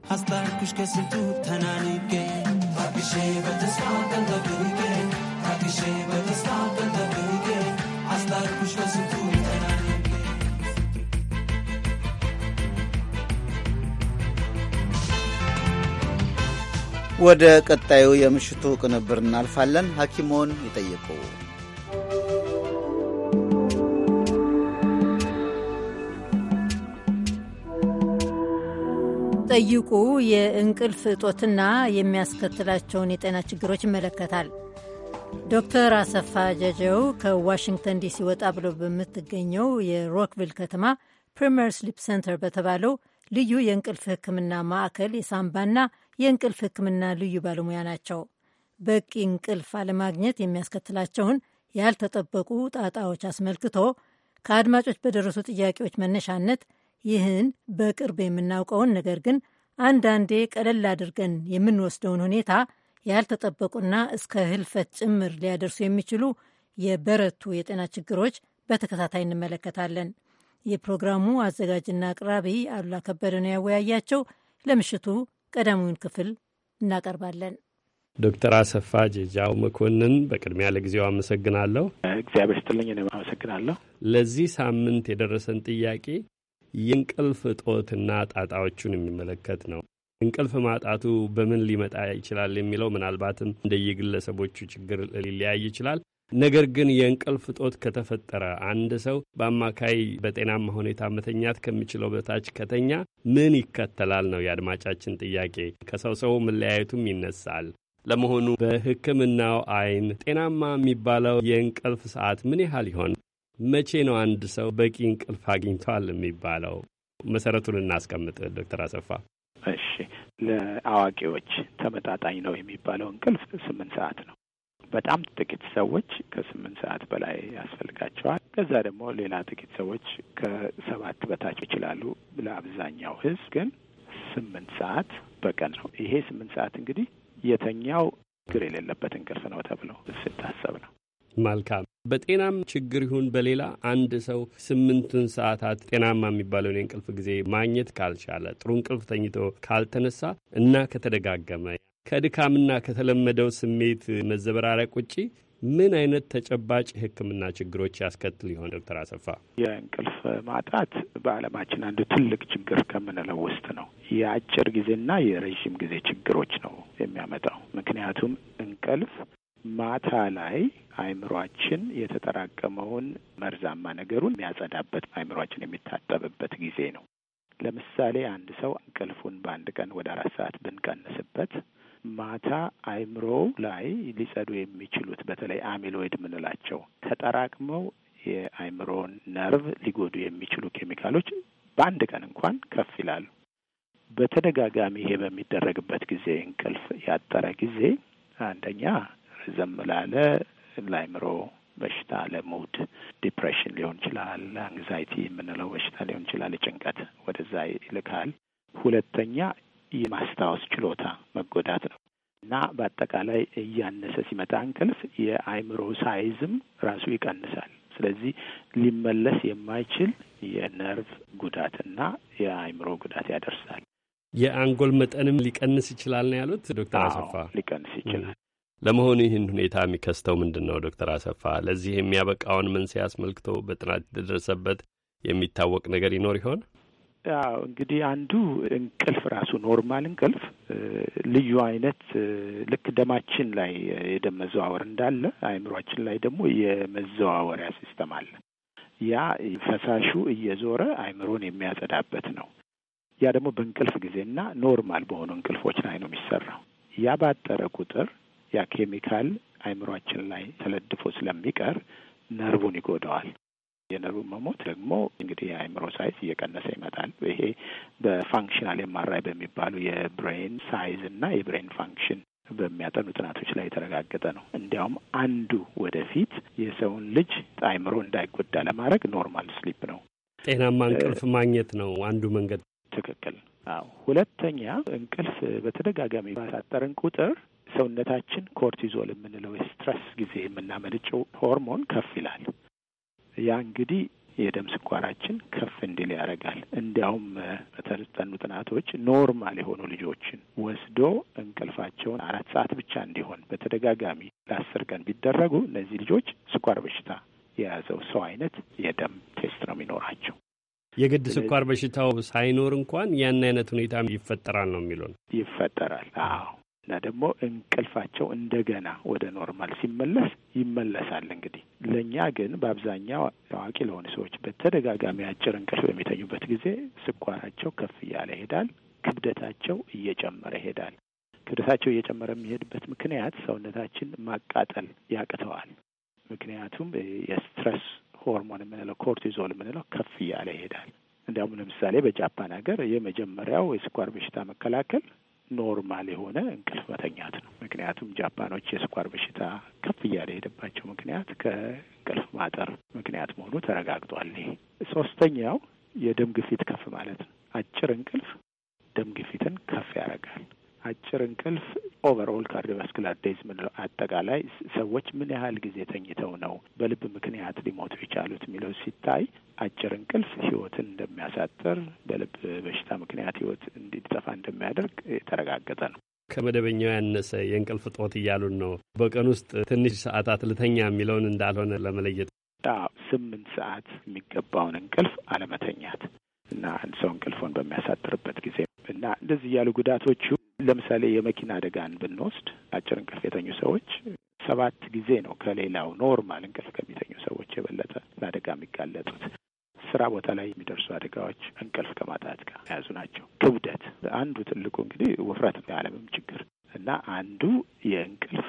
Speaker 1: ወደ ቀጣዩ የምሽቱ ቅንብር እናልፋለን። ሐኪሞን ይጠይቁ
Speaker 2: ጠይቁ የእንቅልፍ እጦትና የሚያስከትላቸውን የጤና ችግሮች ይመለከታል። ዶክተር አሰፋ ጀጀው ከዋሽንግተን ዲሲ ወጣ ብሎ በምትገኘው የሮክቪል ከተማ ፕሪሚየር ስሊፕ ሴንተር በተባለው ልዩ የእንቅልፍ ሕክምና ማዕከል የሳምባና የእንቅልፍ ሕክምና ልዩ ባለሙያ ናቸው። በቂ እንቅልፍ አለማግኘት የሚያስከትላቸውን ያልተጠበቁ ጣጣዎች አስመልክቶ ከአድማጮች በደረሱ ጥያቄዎች መነሻነት ይህን በቅርብ የምናውቀውን ነገር ግን አንዳንዴ ቀለል አድርገን የምንወስደውን ሁኔታ ያልተጠበቁና እስከ ህልፈት ጭምር ሊያደርሱ የሚችሉ የበረቱ የጤና ችግሮች በተከታታይ እንመለከታለን። የፕሮግራሙ አዘጋጅና አቅራቢ አሉላ ከበደ ነው ያወያያቸው። ለምሽቱ ቀዳሚውን ክፍል እናቀርባለን።
Speaker 20: ዶክተር አሰፋ ጀጃው መኮንን በቅድሚያ ለጊዜው አመሰግናለሁ። እግዚአብሔር
Speaker 5: ስትልኝ እኔም አመሰግናለሁ።
Speaker 20: ለዚህ ሳምንት የደረሰን ጥያቄ የእንቅልፍ እጦትና ጣጣዎቹን የሚመለከት ነው። እንቅልፍ ማጣቱ በምን ሊመጣ ይችላል የሚለው ምናልባትም እንደየግለሰቦቹ ችግር ሊለያይ ይችላል። ነገር ግን የእንቅልፍ እጦት ከተፈጠረ አንድ ሰው በአማካይ በጤናማ ሁኔታ መተኛት ከሚችለው በታች ከተኛ ምን ይከተላል ነው የአድማጫችን ጥያቄ። ከሰው ሰው መለያየቱም ይነሳል። ለመሆኑ በሕክምናው አይን ጤናማ የሚባለው የእንቅልፍ ሰዓት ምን ያህል ይሆን? መቼ ነው አንድ ሰው በቂ እንቅልፍ አግኝቷል የሚባለው? መሰረቱን እናስቀምጥ ዶክተር አሰፋ። እሺ፣
Speaker 5: ለአዋቂዎች ተመጣጣኝ ነው የሚባለው እንቅልፍ ስምንት ሰዓት ነው። በጣም ጥቂት ሰዎች ከስምንት ሰዓት በላይ ያስፈልጋቸዋል። ከዛ ደግሞ ሌላ ጥቂት ሰዎች ከሰባት በታች ይችላሉ። ለአብዛኛው ህዝብ ግን ስምንት ሰዓት በቀን ነው። ይሄ ስምንት ሰዓት እንግዲህ የተኛው ችግር የሌለበት እንቅልፍ ነው ተብሎ ስታሰብ ነው።
Speaker 20: መልካም። በጤናም ችግር ይሁን በሌላ አንድ ሰው ስምንቱን ሰዓታት ጤናማ የሚባለውን የእንቅልፍ ጊዜ ማግኘት ካልቻለ፣ ጥሩ እንቅልፍ ተኝቶ ካልተነሳ እና ከተደጋገመ ከድካምና ከተለመደው ስሜት መዘበራረቅ ውጪ ምን አይነት ተጨባጭ ሕክምና ችግሮች ያስከትል ይሆን? ዶክተር አሰፋ
Speaker 5: የእንቅልፍ ማጣት በዓለማችን አንዱ ትልቅ ችግር ከምንለው ውስጥ ነው። የአጭር ጊዜና የረዥም ጊዜ ችግሮች ነው የሚያመጣው። ምክንያቱም እንቅልፍ ማታ ላይ አእምሯችን የተጠራቀመውን መርዛማ ነገሩን የሚያጸዳበት አይምሯችን የሚታጠብበት ጊዜ ነው። ለምሳሌ አንድ ሰው እንቅልፉን በአንድ ቀን ወደ አራት ሰዓት ብንቀንስበት ማታ አይምሮ ላይ ሊጸዱ የሚችሉት በተለይ አሚሎይድ የምንላቸው ተጠራቅመው የአይምሮን ነርቭ ሊጎዱ የሚችሉ ኬሚካሎች በአንድ ቀን እንኳን ከፍ ይላሉ። በተደጋጋሚ ይሄ በሚደረግበት ጊዜ እንቅልፍ ያጠረ ጊዜ አንደኛ ዘም ላለ ለአይምሮ በሽታ ለሙድ ዲፕሬሽን ሊሆን ይችላል። አንግዛይቲ የምንለው በሽታ ሊሆን ይችላል። ጭንቀት ወደዛ ይልካል። ሁለተኛ የማስታወስ ችሎታ መጎዳት ነው እና በአጠቃላይ እያነሰ ሲመጣ እንቅልፍ የአይምሮ ሳይዝም ራሱ ይቀንሳል። ስለዚህ ሊመለስ የማይችል የነርቭ ጉዳትና የአይምሮ ጉዳት ያደርሳል።
Speaker 20: የአንጎል መጠንም ሊቀንስ ይችላል ነው ያሉት ዶክተር አሰፋ። ሊቀንስ ይችላል። ለመሆኑ ይህን ሁኔታ የሚከስተው ምንድን ነው? ዶክተር አሰፋ ለዚህ የሚያበቃውን መንስኤ አስመልክቶ በጥናት የተደረሰበት የሚታወቅ ነገር ይኖር ይሆን?
Speaker 16: አዎ
Speaker 5: እንግዲህ አንዱ እንቅልፍ ራሱ ኖርማል እንቅልፍ ልዩ አይነት ልክ ደማችን ላይ የደም መዘዋወር እንዳለ አእምሯችን ላይ ደግሞ የመዘዋወሪያ ሲስተም አለ። ያ ፈሳሹ እየዞረ አእምሮን የሚያጸዳበት ነው። ያ ደግሞ በእንቅልፍ ጊዜና ኖርማል በሆኑ እንቅልፎች ላይ ነው የሚሰራው። ያ ባጠረ ቁጥር ያ ኬሚካል አይምሯችን ላይ ተለድፎ ስለሚቀር ነርቡን ይጎዳዋል። የነርቡ መሞት ደግሞ እንግዲህ የአእምሮ ሳይዝ እየቀነሰ ይመጣል። ይሄ በፋንክሽናል የማራይ በሚባሉ የብሬን ሳይዝ እና የብሬን ፋንክሽን በሚያጠኑ ጥናቶች ላይ የተረጋገጠ ነው። እንዲያውም አንዱ ወደፊት የሰውን ልጅ አእምሮ እንዳይጎዳ ለማድረግ ኖርማል ስሊፕ ነው፣
Speaker 20: ጤናማ እንቅልፍ ማግኘት ነው አንዱ መንገድ። ትክክል። አዎ።
Speaker 5: ሁለተኛ እንቅልፍ በተደጋጋሚ ባሳጠርን ቁጥር ሰውነታችን ኮርቲዞል የምንለው የስትረስ ጊዜ የምናመነጨው ሆርሞን ከፍ ይላል። ያ እንግዲህ የደም ስኳራችን ከፍ እንዲል ያደርጋል። እንዲያውም በተጠኑ ጥናቶች ኖርማል የሆኑ ልጆችን ወስዶ እንቅልፋቸውን አራት ሰዓት ብቻ እንዲሆን በተደጋጋሚ ለአስር ቀን ቢደረጉ እነዚህ ልጆች ስኳር በሽታ የያዘው ሰው አይነት የደም ቴስት ነው የሚኖራቸው።
Speaker 20: የግድ ስኳር በሽታው ሳይኖር እንኳን ያን አይነት ሁኔታ ይፈጠራል ነው የሚሉን። ይፈጠራል። አዎ እና ደግሞ
Speaker 5: እንቅልፋቸው እንደገና ወደ ኖርማል ሲመለስ ይመለሳል። እንግዲህ ለእኛ ግን በአብዛኛው ታዋቂ ለሆኑ ሰዎች በተደጋጋሚ አጭር እንቅልፍ በሚተኙበት ጊዜ ስኳራቸው ከፍ እያለ ይሄዳል፣ ክብደታቸው እየጨመረ ይሄዳል። ክብደታቸው እየጨመረ የሚሄድበት ምክንያት ሰውነታችን ማቃጠል ያቅተዋል። ምክንያቱም የስትረስ ሆርሞን የምንለው ኮርቲዞል የምንለው ከፍ እያለ ይሄዳል። እንዲያውም ለምሳሌ በጃፓን ሀገር የመጀመሪያው የስኳር በሽታ መከላከል ኖርማል የሆነ እንቅልፍ መተኛት ነው። ምክንያቱም ጃፓኖች የስኳር በሽታ ከፍ እያለ የሄደባቸው ምክንያት ከእንቅልፍ ማጠር ምክንያት መሆኑ ተረጋግጧል። ይሄ ሶስተኛው የደም ግፊት ከፍ ማለት ነው። አጭር እንቅልፍ ደም ግፊትን ከፍ ያደርጋል። አጭር እንቅልፍ ኦቨርኦል ካርዲቫስኩላር ዴዝ ምንለው አጠቃላይ ሰዎች ምን ያህል ጊዜ ተኝተው ነው በልብ ምክንያት ሊሞቱ የቻሉት የሚለው ሲታይ አጭር እንቅልፍ ህይወትን እንደሚያሳጥር፣ በልብ በሽታ ምክንያት ህይወት እንዲጠፋ እንደሚያደርግ የተረጋገጠ
Speaker 20: ነው። ከመደበኛው ያነሰ የእንቅልፍ ጦት እያሉን ነው። በቀን ውስጥ ትንሽ ሰዓታት ልተኛ የሚለውን እንዳልሆነ ለመለየት
Speaker 5: ስምንት ሰዓት የሚገባውን እንቅልፍ አለመተኛት እና አንድ ሰው እንቅልፎን በሚያሳጥርበት ጊዜ እና እንደዚህ ያሉ ጉዳቶቹ ለምሳሌ የመኪና አደጋን ብንወስድ አጭር እንቅልፍ የተኙ ሰዎች ሰባት ጊዜ ነው ከሌላው ኖርማል እንቅልፍ ከሚተኙ ሰዎች የበለጠ ለአደጋ የሚጋለጡት። ስራ ቦታ ላይ የሚደርሱ አደጋዎች እንቅልፍ ከማጣት ጋር የያዙ ናቸው። ክብደት አንዱ ትልቁ እንግዲህ ውፍረት የዓለምም ችግር እና አንዱ የእንቅልፍ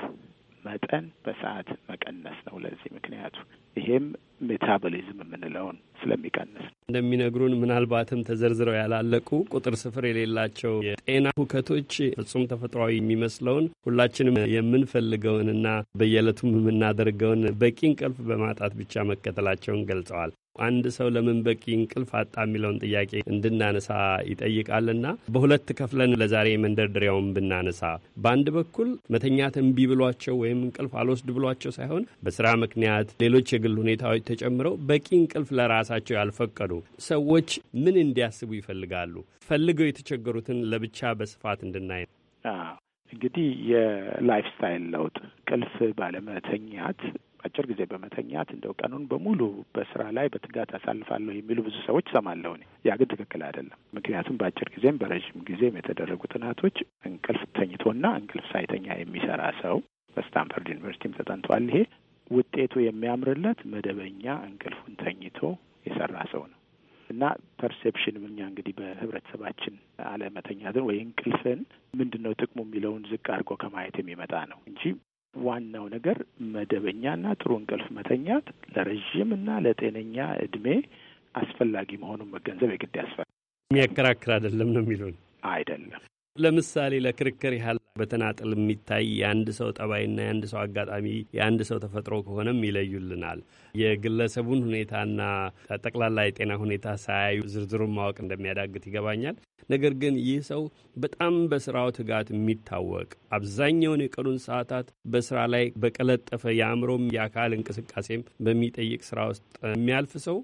Speaker 5: መጠን በሰዓት መቀነስ ነው። ለዚህ ምክንያቱ ይሄም ሜታቦሊዝም የምንለውን
Speaker 20: ስለሚቀንስ እንደሚነግሩን ምናልባትም ተዘርዝረው ያላለቁ ቁጥር ስፍር የሌላቸው የጤና ሁከቶች ፍጹም ተፈጥሯዊ የሚመስለውን ሁላችንም የምንፈልገውንና በየዕለቱም የምናደርገውን በቂ እንቅልፍ በማጣት ብቻ መከተላቸውን ገልጸዋል። አንድ ሰው ለምን በቂ እንቅልፍ አጣ የሚለውን ጥያቄ እንድናነሳ ይጠይቃልና በሁለት ከፍለን ለዛሬ መንደርደሪያውን ብናነሳ በአንድ በኩል መተኛት እምቢ ብሏቸው ወይም እንቅልፍ አልወስድ ብሏቸው ሳይሆን በስራ ምክንያት ሌሎች የግል ሁኔታዎች ተጨምረው በቂ እንቅልፍ ለራሳቸው ያልፈቀዱ ሰዎች ምን እንዲያስቡ ይፈልጋሉ? ፈልገው የተቸገሩትን ለብቻ በስፋት እንድናይ
Speaker 5: እንግዲህ የላይፍ ስታይል ለውጥ ቅልፍ ባለመተኛት አጭር ጊዜ በመተኛት እንደው ቀኑን በሙሉ በስራ ላይ በትጋት አሳልፋለሁ የሚሉ ብዙ ሰዎች እሰማለሁ። ያ ግን ትክክል አይደለም። ምክንያቱም በአጭር ጊዜም በረዥም ጊዜም የተደረጉ ጥናቶች እንቅልፍ ተኝቶና እንቅልፍ ሳይተኛ የሚሰራ ሰው በስታንፈርድ ዩኒቨርሲቲም ተጠንቷል። ይሄ ውጤቱ የሚያምርለት መደበኛ እንቅልፉን ተኝቶ የሰራ ሰው ነው እና ፐርሴፕሽን እኛ እንግዲህ በህብረተሰባችን አለመተኛትን ወይ እንቅልፍን ምንድን ነው ጥቅሙ የሚለውን ዝቅ አድርጎ ከማየት የሚመጣ ነው እንጂ ዋናው ነገር መደበኛና ጥሩ እንቅልፍ መተኛት ለረዥም እና ለጤነኛ እድሜ አስፈላጊ መሆኑን መገንዘብ የግድ ያስፈል
Speaker 20: የሚያከራክር አይደለም ነው የሚሉን አይደለም። ለምሳሌ ለክርክር ያህል በተናጠል የሚታይ የአንድ ሰው ጠባይና የአንድ ሰው አጋጣሚ የአንድ ሰው ተፈጥሮ ከሆነም ይለዩልናል። የግለሰቡን ሁኔታና ጠቅላላ የጤና ሁኔታ ሳያዩ ዝርዝሩን ማወቅ እንደሚያዳግት ይገባኛል። ነገር ግን ይህ ሰው በጣም በስራው ትጋት የሚታወቅ አብዛኛውን የቀኑን ሰዓታት በስራ ላይ በቀለጠፈ የአእምሮም የአካል እንቅስቃሴም በሚጠይቅ ስራ ውስጥ የሚያልፍ ሰው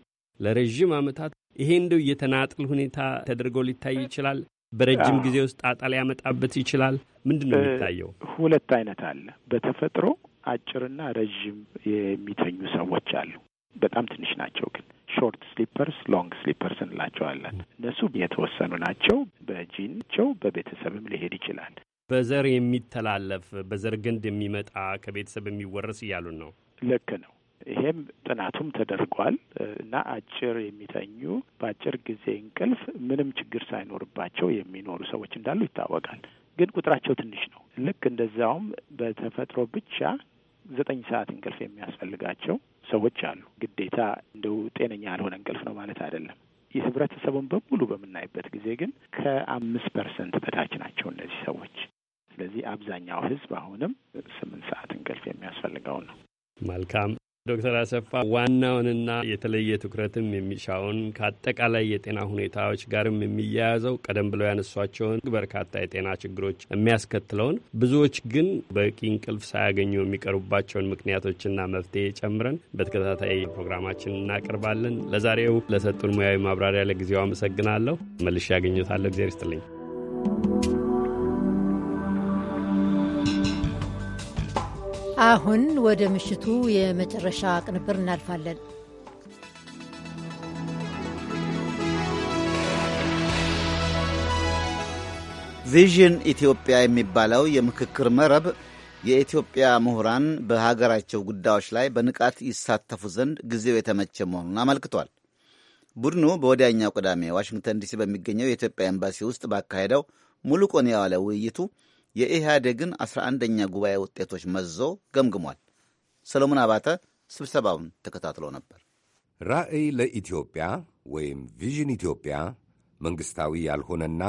Speaker 20: ለረዥም ዓመታት ይሄ እንደው የተናጥል ሁኔታ ተደርጎ ሊታይ ይችላል። በረጅም ጊዜ ውስጥ ጣጣ ሊያመጣበት ይችላል። ምንድን ነው የሚታየው?
Speaker 5: ሁለት አይነት አለ። በተፈጥሮ
Speaker 20: አጭርና ረዥም የሚተኙ
Speaker 5: ሰዎች አሉ። በጣም ትንሽ ናቸው ግን ሾርት ስሊፐርስ፣ ሎንግ ስሊፐርስ እንላቸዋለን። እነሱ የተወሰኑ ናቸው። በጂንቸው በቤተሰብም ሊሄድ ይችላል።
Speaker 20: በዘር የሚተላለፍ በዘር ግንድ የሚመጣ ከቤተሰብ የሚወረስ እያሉን ነው። ልክ ነው። ይሄም
Speaker 5: ጥናቱም ተደርጓል እና አጭር የሚተኙ በአጭር ጊዜ እንቅልፍ ምንም ችግር ሳይኖርባቸው የሚኖሩ ሰዎች እንዳሉ ይታወቃል። ግን ቁጥራቸው ትንሽ ነው። ልክ እንደዛውም በተፈጥሮ ብቻ ዘጠኝ ሰዓት እንቅልፍ የሚያስፈልጋቸው ሰዎች አሉ። ግዴታ እንደው ጤነኛ ያልሆነ እንቅልፍ ነው ማለት አይደለም። የህብረተሰቡን በሙሉ በምናይበት ጊዜ ግን ከአምስት ፐርሰንት በታች ናቸው እነዚህ ሰዎች። ስለዚህ አብዛኛው ህዝብ አሁንም ስምንት ሰዓት እንቅልፍ የሚያስፈልገው ነው።
Speaker 20: መልካም ዶክተር አሰፋ ዋናውንና የተለየ ትኩረትም የሚሻውን ከአጠቃላይ የጤና ሁኔታዎች ጋርም የሚያያዘው ቀደም ብለው ያነሷቸውን በርካታ የጤና ችግሮች የሚያስከትለውን ብዙዎች ግን በቂ እንቅልፍ ሳያገኙ የሚቀሩባቸውን ምክንያቶችና መፍትሄ ጨምረን በተከታታይ ፕሮግራማችን እናቀርባለን። ለዛሬው ለሰጡን ሙያዊ ማብራሪያ ለጊዜው አመሰግናለሁ። መልሼ ያገኘታለሁ። እግዜር ይስጥልኝ።
Speaker 2: አሁን ወደ ምሽቱ የመጨረሻ ቅንብር እናልፋለን።
Speaker 1: ቪዥን ኢትዮጵያ የሚባለው የምክክር መረብ የኢትዮጵያ ምሁራን በሀገራቸው ጉዳዮች ላይ በንቃት ይሳተፉ ዘንድ ጊዜው የተመቸ መሆኑን አመልክቷል። ቡድኑ በወዲያኛው ቅዳሜ ዋሽንግተን ዲሲ በሚገኘው የኢትዮጵያ ኤምባሲ ውስጥ ባካሄደው ሙሉ ቆን የዋለ ውይይቱ የኢህአዴግን 11ኛ ጉባኤ ውጤቶች መዞ ገምግሟል። ሰለሞን አባተ ስብሰባውን ተከታትሎ ነበር።
Speaker 17: ራዕይ ለኢትዮጵያ ወይም ቪዥን ኢትዮጵያ መንግሥታዊ ያልሆነና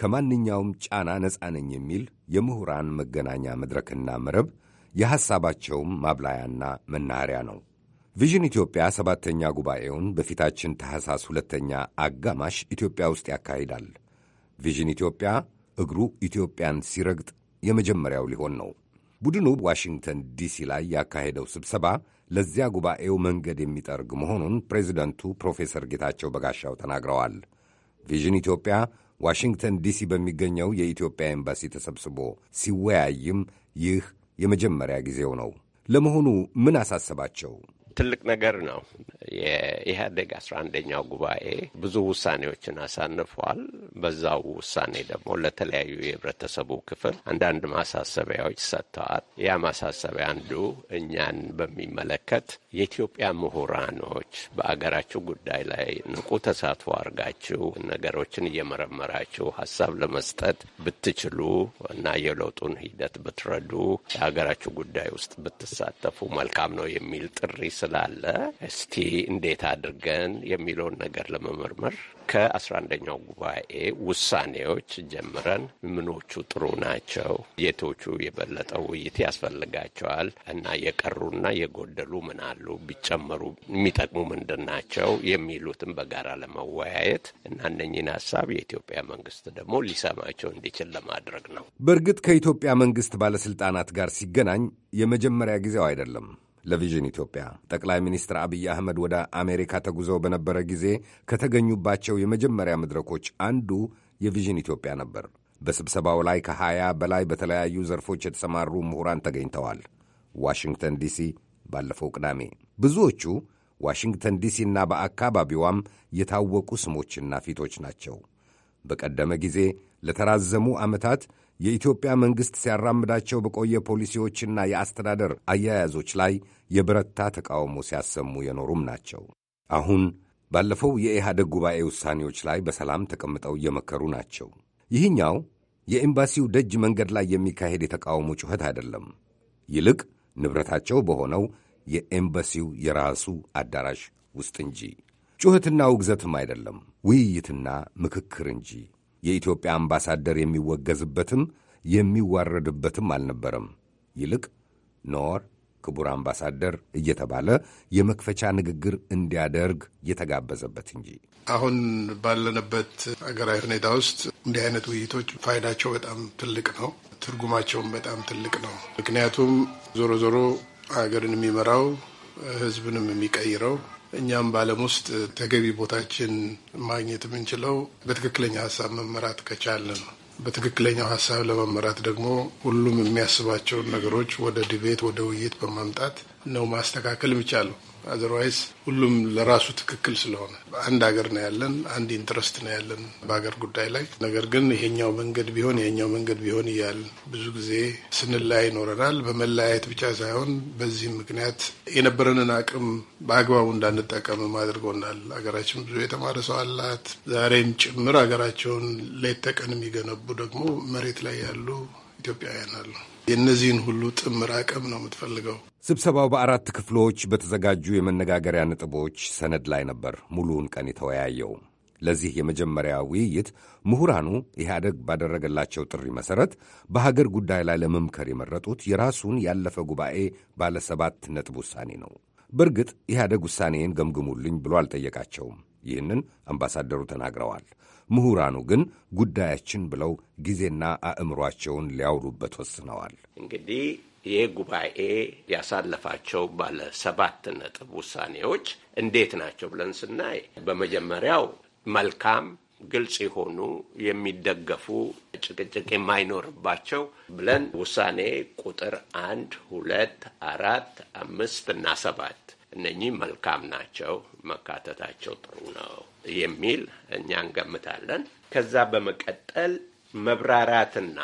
Speaker 17: ከማንኛውም ጫና ነፃ ነኝ የሚል የምሁራን መገናኛ መድረክና መረብ የሐሳባቸውም ማብላያና መናኸሪያ ነው። ቪዥን ኢትዮጵያ ሰባተኛ ጉባኤውን በፊታችን ተሐሳስ ሁለተኛ አጋማሽ ኢትዮጵያ ውስጥ ያካሂዳል። ቪዥን ኢትዮጵያ እግሩ ኢትዮጵያን ሲረግጥ የመጀመሪያው ሊሆን ነው። ቡድኑ ዋሽንግተን ዲሲ ላይ ያካሄደው ስብሰባ ለዚያ ጉባኤው መንገድ የሚጠርግ መሆኑን ፕሬዚደንቱ ፕሮፌሰር ጌታቸው በጋሻው ተናግረዋል። ቪዥን ኢትዮጵያ ዋሽንግተን ዲሲ በሚገኘው የኢትዮጵያ ኤምባሲ ተሰብስቦ ሲወያይም ይህ የመጀመሪያ ጊዜው ነው። ለመሆኑ ምን አሳሰባቸው?
Speaker 19: ትልቅ ነገር ነው። የኢህአዴግ አስራ አንደኛው ጉባኤ ብዙ ውሳኔዎችን አሳንፏል። በዛው ውሳኔ ደግሞ ለተለያዩ የህብረተሰቡ ክፍል አንዳንድ ማሳሰቢያዎች ሰጥተዋል። ያ ማሳሰቢያ አንዱ እኛን በሚመለከት የኢትዮጵያ ምሁራኖች በአገራችሁ ጉዳይ ላይ ንቁ ተሳትፎ አድርጋችሁ ነገሮችን እየመረመራችሁ ሀሳብ ለመስጠት ብትችሉ እና የለውጡን ሂደት ብትረዱ የሀገራችሁ ጉዳይ ውስጥ ብትሳተፉ መልካም ነው የሚል ጥሪ ስላለ እስቲ እንዴት አድርገን የሚለውን ነገር ለመመርመር ከ11ኛው ጉባኤ ውሳኔዎች ጀምረን ምኖቹ ጥሩ ናቸው፣ የቶቹ የበለጠ ውይይት ያስፈልጋቸዋል እና የቀሩና የጎደሉ ምን አሉ፣ ቢጨመሩ የሚጠቅሙ ምንድን ናቸው የሚሉትን በጋራ ለመወያየት እና እነኝን ሀሳብ የኢትዮጵያ መንግስት ደግሞ ሊሰማቸው እንዲችል ለማድረግ ነው።
Speaker 17: በእርግጥ ከኢትዮጵያ መንግስት ባለስልጣናት ጋር ሲገናኝ የመጀመሪያ ጊዜው አይደለም። ለቪዥን ኢትዮጵያ ጠቅላይ ሚኒስትር አብይ አህመድ ወደ አሜሪካ ተጉዘው በነበረ ጊዜ ከተገኙባቸው የመጀመሪያ መድረኮች አንዱ የቪዥን ኢትዮጵያ ነበር። በስብሰባው ላይ ከሀያ በላይ በተለያዩ ዘርፎች የተሰማሩ ምሁራን ተገኝተዋል። ዋሽንግተን ዲሲ ባለፈው ቅዳሜ ብዙዎቹ ዋሽንግተን ዲሲና በአካባቢዋም የታወቁ ስሞችና ፊቶች ናቸው። በቀደመ ጊዜ ለተራዘሙ ዓመታት የኢትዮጵያ መንግሥት ሲያራምዳቸው በቆየ ፖሊሲዎችና የአስተዳደር አያያዞች ላይ የበረታ ተቃውሞ ሲያሰሙ የኖሩም ናቸው። አሁን ባለፈው የኢህአደግ ጉባኤ ውሳኔዎች ላይ በሰላም ተቀምጠው እየመከሩ ናቸው። ይህኛው የኤምባሲው ደጅ መንገድ ላይ የሚካሄድ የተቃውሞ ጩኸት አይደለም። ይልቅ ንብረታቸው በሆነው የኤምባሲው የራሱ አዳራሽ ውስጥ እንጂ ጩኸትና ውግዘትም አይደለም፣ ውይይትና ምክክር እንጂ የኢትዮጵያ አምባሳደር የሚወገዝበትም የሚዋረድበትም አልነበረም። ይልቅ ኖር ክቡር አምባሳደር እየተባለ የመክፈቻ ንግግር እንዲያደርግ የተጋበዘበት እንጂ
Speaker 18: አሁን ባለንበት ሀገራዊ ሁኔታ ውስጥ እንዲህ አይነት ውይይቶች ፋይዳቸው በጣም ትልቅ ነው። ትርጉማቸውም በጣም ትልቅ ነው። ምክንያቱም ዞሮ ዞሮ ሀገርን የሚመራው ህዝብንም የሚቀይረው እኛም በዓለም ውስጥ ተገቢ ቦታችን ማግኘት የምንችለው በትክክለኛ ሀሳብ መመራት ከቻለ ነው። በትክክለኛው ሀሳብ ለመመራት ደግሞ ሁሉም የሚያስባቸውን ነገሮች ወደ ዲቤት ወደ ውይይት በማምጣት ነው ማስተካከል የሚቻለው። አዘርዋይስ ሁሉም ለራሱ ትክክል ስለሆነ አንድ ሀገር ነው ያለን፣ አንድ ኢንትረስት ነው ያለን በሀገር ጉዳይ ላይ። ነገር ግን ይሄኛው መንገድ ቢሆን ይሄኛው መንገድ ቢሆን እያል ብዙ ጊዜ ስንለያይ ይኖረናል። በመለያየት ብቻ ሳይሆን በዚህም ምክንያት የነበረንን አቅም በአግባቡ እንዳንጠቀምም አድርጎናል። ሀገራችን ብዙ የተማረ ሰው አላት። ዛሬም ጭምር ሀገራቸውን ሌት ተቀን የሚገነቡ ደግሞ መሬት ላይ ያሉ ኢትዮጵያውያን አሉ። የእነዚህን ሁሉ ጥምር አቅም ነው የምትፈልገው።
Speaker 17: ስብሰባው በአራት ክፍሎች በተዘጋጁ የመነጋገሪያ ነጥቦች ሰነድ ላይ ነበር ሙሉውን ቀን የተወያየው። ለዚህ የመጀመሪያ ውይይት ምሁራኑ ኢህአደግ ባደረገላቸው ጥሪ መሠረት በሀገር ጉዳይ ላይ ለመምከር የመረጡት የራሱን ያለፈ ጉባኤ ባለ ሰባት ነጥብ ውሳኔ ነው። በእርግጥ ኢህአደግ ውሳኔን ገምግሙልኝ ብሎ አልጠየቃቸውም። ይህንን አምባሳደሩ ተናግረዋል። ምሁራኑ ግን ጉዳያችን ብለው ጊዜና አእምሯቸውን ሊያውሉበት ወስነዋል።
Speaker 19: እንግዲህ ይሄ ጉባኤ ያሳለፋቸው ባለ ሰባት ነጥብ ውሳኔዎች እንዴት ናቸው ብለን ስናይ በመጀመሪያው መልካም፣ ግልጽ የሆኑ የሚደገፉ፣ ጭቅጭቅ የማይኖርባቸው ብለን ውሳኔ ቁጥር አንድ፣ ሁለት፣ አራት፣ አምስት እና ሰባት እነኚህ መልካም ናቸው፣ መካተታቸው ጥሩ ነው የሚል እኛ እንገምታለን። ከዛ በመቀጠል መብራራትና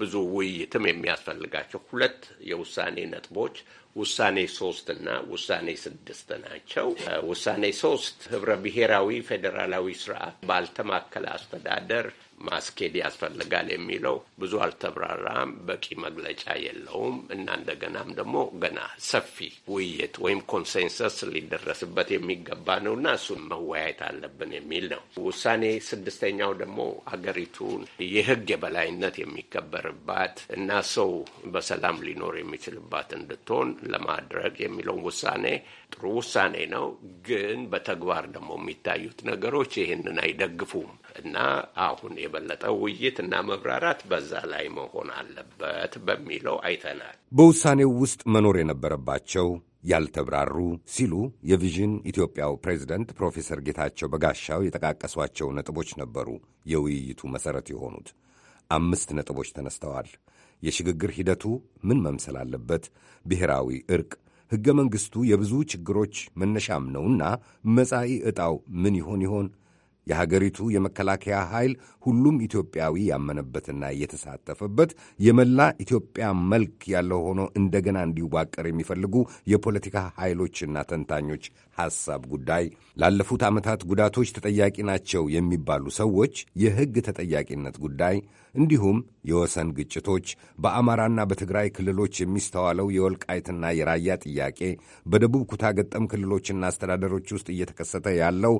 Speaker 19: ብዙ ውይይትም የሚያስፈልጋቸው ሁለት የውሳኔ ነጥቦች ውሳኔ ሶስት እና ውሳኔ ስድስት ናቸው። ውሳኔ ሶስት ህብረ ብሔራዊ ፌዴራላዊ ስርዓት ባልተማከለ አስተዳደር ማስኬድ ያስፈልጋል የሚለው ብዙ አልተብራራም፣ በቂ መግለጫ የለውም እና እንደገናም ደግሞ ገና ሰፊ ውይይት ወይም ኮንሴንሰስ ሊደረስበት የሚገባ ነው እና እሱን መወያየት አለብን የሚል ነው። ውሳኔ ስድስተኛው ደግሞ ሀገሪቱን የህግ የበላይነት የሚከበርባት እና ሰው በሰላም ሊኖር የሚችልባት እንድትሆን ለማድረግ የሚለውን ውሳኔ ጥሩ ውሳኔ ነው። ግን በተግባር ደግሞ የሚታዩት ነገሮች ይህንን አይደግፉም እና አሁን የበለጠ ውይይት እና መብራራት በዛ ላይ መሆን አለበት በሚለው አይተናል።
Speaker 17: በውሳኔው ውስጥ መኖር የነበረባቸው ያልተብራሩ ሲሉ የቪዥን ኢትዮጵያው ፕሬዝደንት ፕሮፌሰር ጌታቸው በጋሻው የጠቃቀሷቸው ነጥቦች ነበሩ የውይይቱ መሠረት የሆኑት። አምስት ነጥቦች ተነስተዋል። የሽግግር ሂደቱ ምን መምሰል አለበት፣ ብሔራዊ ዕርቅ ሕገ መንግሥቱ የብዙ ችግሮች መነሻም ነውና መጻኢ ዕጣው ምን ይሆን ይሆን? የሀገሪቱ የመከላከያ ኃይል ሁሉም ኢትዮጵያዊ ያመነበትና የተሳተፈበት የመላ ኢትዮጵያ መልክ ያለው ሆኖ እንደገና እንዲዋቀር የሚፈልጉ የፖለቲካ ኃይሎችና ተንታኞች ሐሳብ ጉዳይ ላለፉት ዓመታት ጉዳቶች ተጠያቂ ናቸው የሚባሉ ሰዎች የሕግ ተጠያቂነት ጉዳይ እንዲሁም የወሰን ግጭቶች፣ በአማራና በትግራይ ክልሎች የሚስተዋለው የወልቃይትና የራያ ጥያቄ፣ በደቡብ ኩታ ገጠም ክልሎችና አስተዳደሮች ውስጥ እየተከሰተ ያለው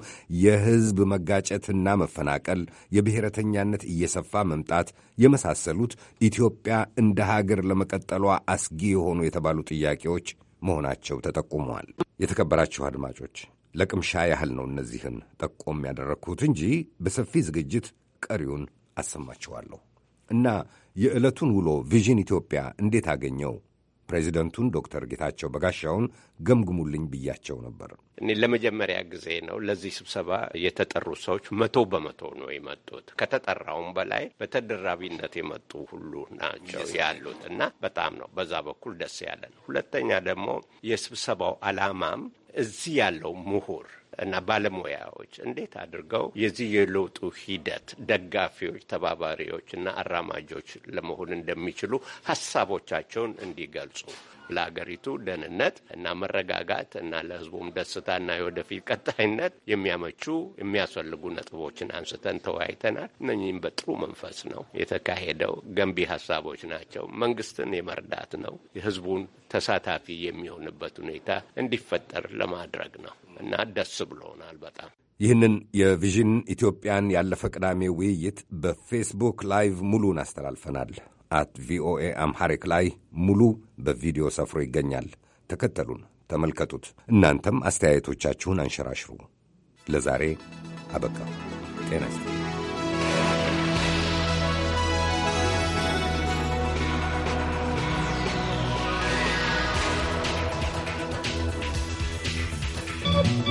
Speaker 17: የሕዝብ መጋጨትና መፈናቀል፣ የብሔረተኛነት እየሰፋ መምጣት የመሳሰሉት ኢትዮጵያ እንደ ሀገር ለመቀጠሏ አስጊ የሆኑ የተባሉ ጥያቄዎች መሆናቸው ተጠቁመዋል። የተከበራችሁ አድማጮች ለቅምሻ ያህል ነው እነዚህን ጠቆም ያደረግኩት እንጂ በሰፊ ዝግጅት ቀሪውን አሰማችኋለሁ። እና የዕለቱን ውሎ ቪዥን ኢትዮጵያ እንዴት አገኘው? ፕሬዚደንቱን ዶክተር ጌታቸው በጋሻውን ገምግሙልኝ ብያቸው ነበር።
Speaker 19: እኔ ለመጀመሪያ ጊዜ ነው ለዚህ ስብሰባ የተጠሩ ሰዎች መቶ በመቶ ነው የመጡት። ከተጠራውም በላይ በተደራቢነት የመጡ ሁሉ ናቸው ያሉት እና በጣም ነው በዛ በኩል ደስ ያለ ነው። ሁለተኛ ደግሞ የስብሰባው አላማም። እዚህ ያለው ምሁር እና ባለሙያዎች እንዴት አድርገው የዚህ የለውጡ ሂደት ደጋፊዎች፣ ተባባሪዎች እና አራማጆች ለመሆን እንደሚችሉ ሀሳቦቻቸውን እንዲገልጹ ለሀገሪቱ ደህንነት እና መረጋጋት እና ለሕዝቡም ደስታና የወደፊት ቀጣይነት የሚያመቹ የሚያስፈልጉ ነጥቦችን አንስተን ተወያይተናል። እነኚህም በጥሩ መንፈስ ነው የተካሄደው። ገንቢ ሀሳቦች ናቸው። መንግስትን የመርዳት ነው። የህዝቡን ተሳታፊ የሚሆንበት ሁኔታ እንዲፈጠር ለማድረግ ነው እና ደስ ብሎናል
Speaker 17: በጣም። ይህንን የቪዥን ኢትዮጵያን ያለፈ ቅዳሜ ውይይት በፌስቡክ ላይቭ ሙሉን አስተላልፈናል። አት ቪኦኤ አምሐሪክ ላይ ሙሉ በቪዲዮ ሰፍሮ ይገኛል። ተከተሉን፣ ተመልከቱት። እናንተም አስተያየቶቻችሁን አንሸራሽሩ። ለዛሬ አበቃ። ጤና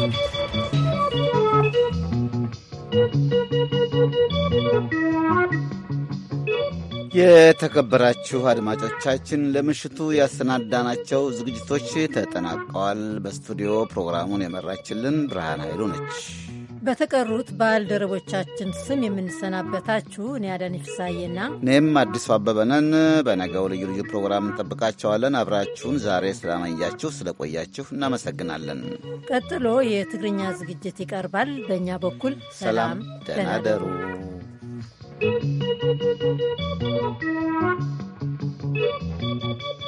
Speaker 3: Thank you.
Speaker 1: የተከበራችሁ አድማጮቻችን ለምሽቱ ያሰናዳናቸው ዝግጅቶች ተጠናቀዋል። በስቱዲዮ ፕሮግራሙን የመራችልን ብርሃን ኃይሉ ነች።
Speaker 2: በተቀሩት ባልደረቦቻችን ስም የምንሰናበታችሁ እኔ አዳነች ፍስሐዬና
Speaker 1: እኔም አዲሱ አበበነን በነገው ልዩ ልዩ ፕሮግራም እንጠብቃቸዋለን። አብራችሁን ዛሬ ስላመያችሁ ስለቆያችሁ እናመሰግናለን።
Speaker 2: ቀጥሎ የትግርኛ ዝግጅት ይቀርባል። በእኛ በኩል ሰላም፣ ደህና Thank
Speaker 3: you.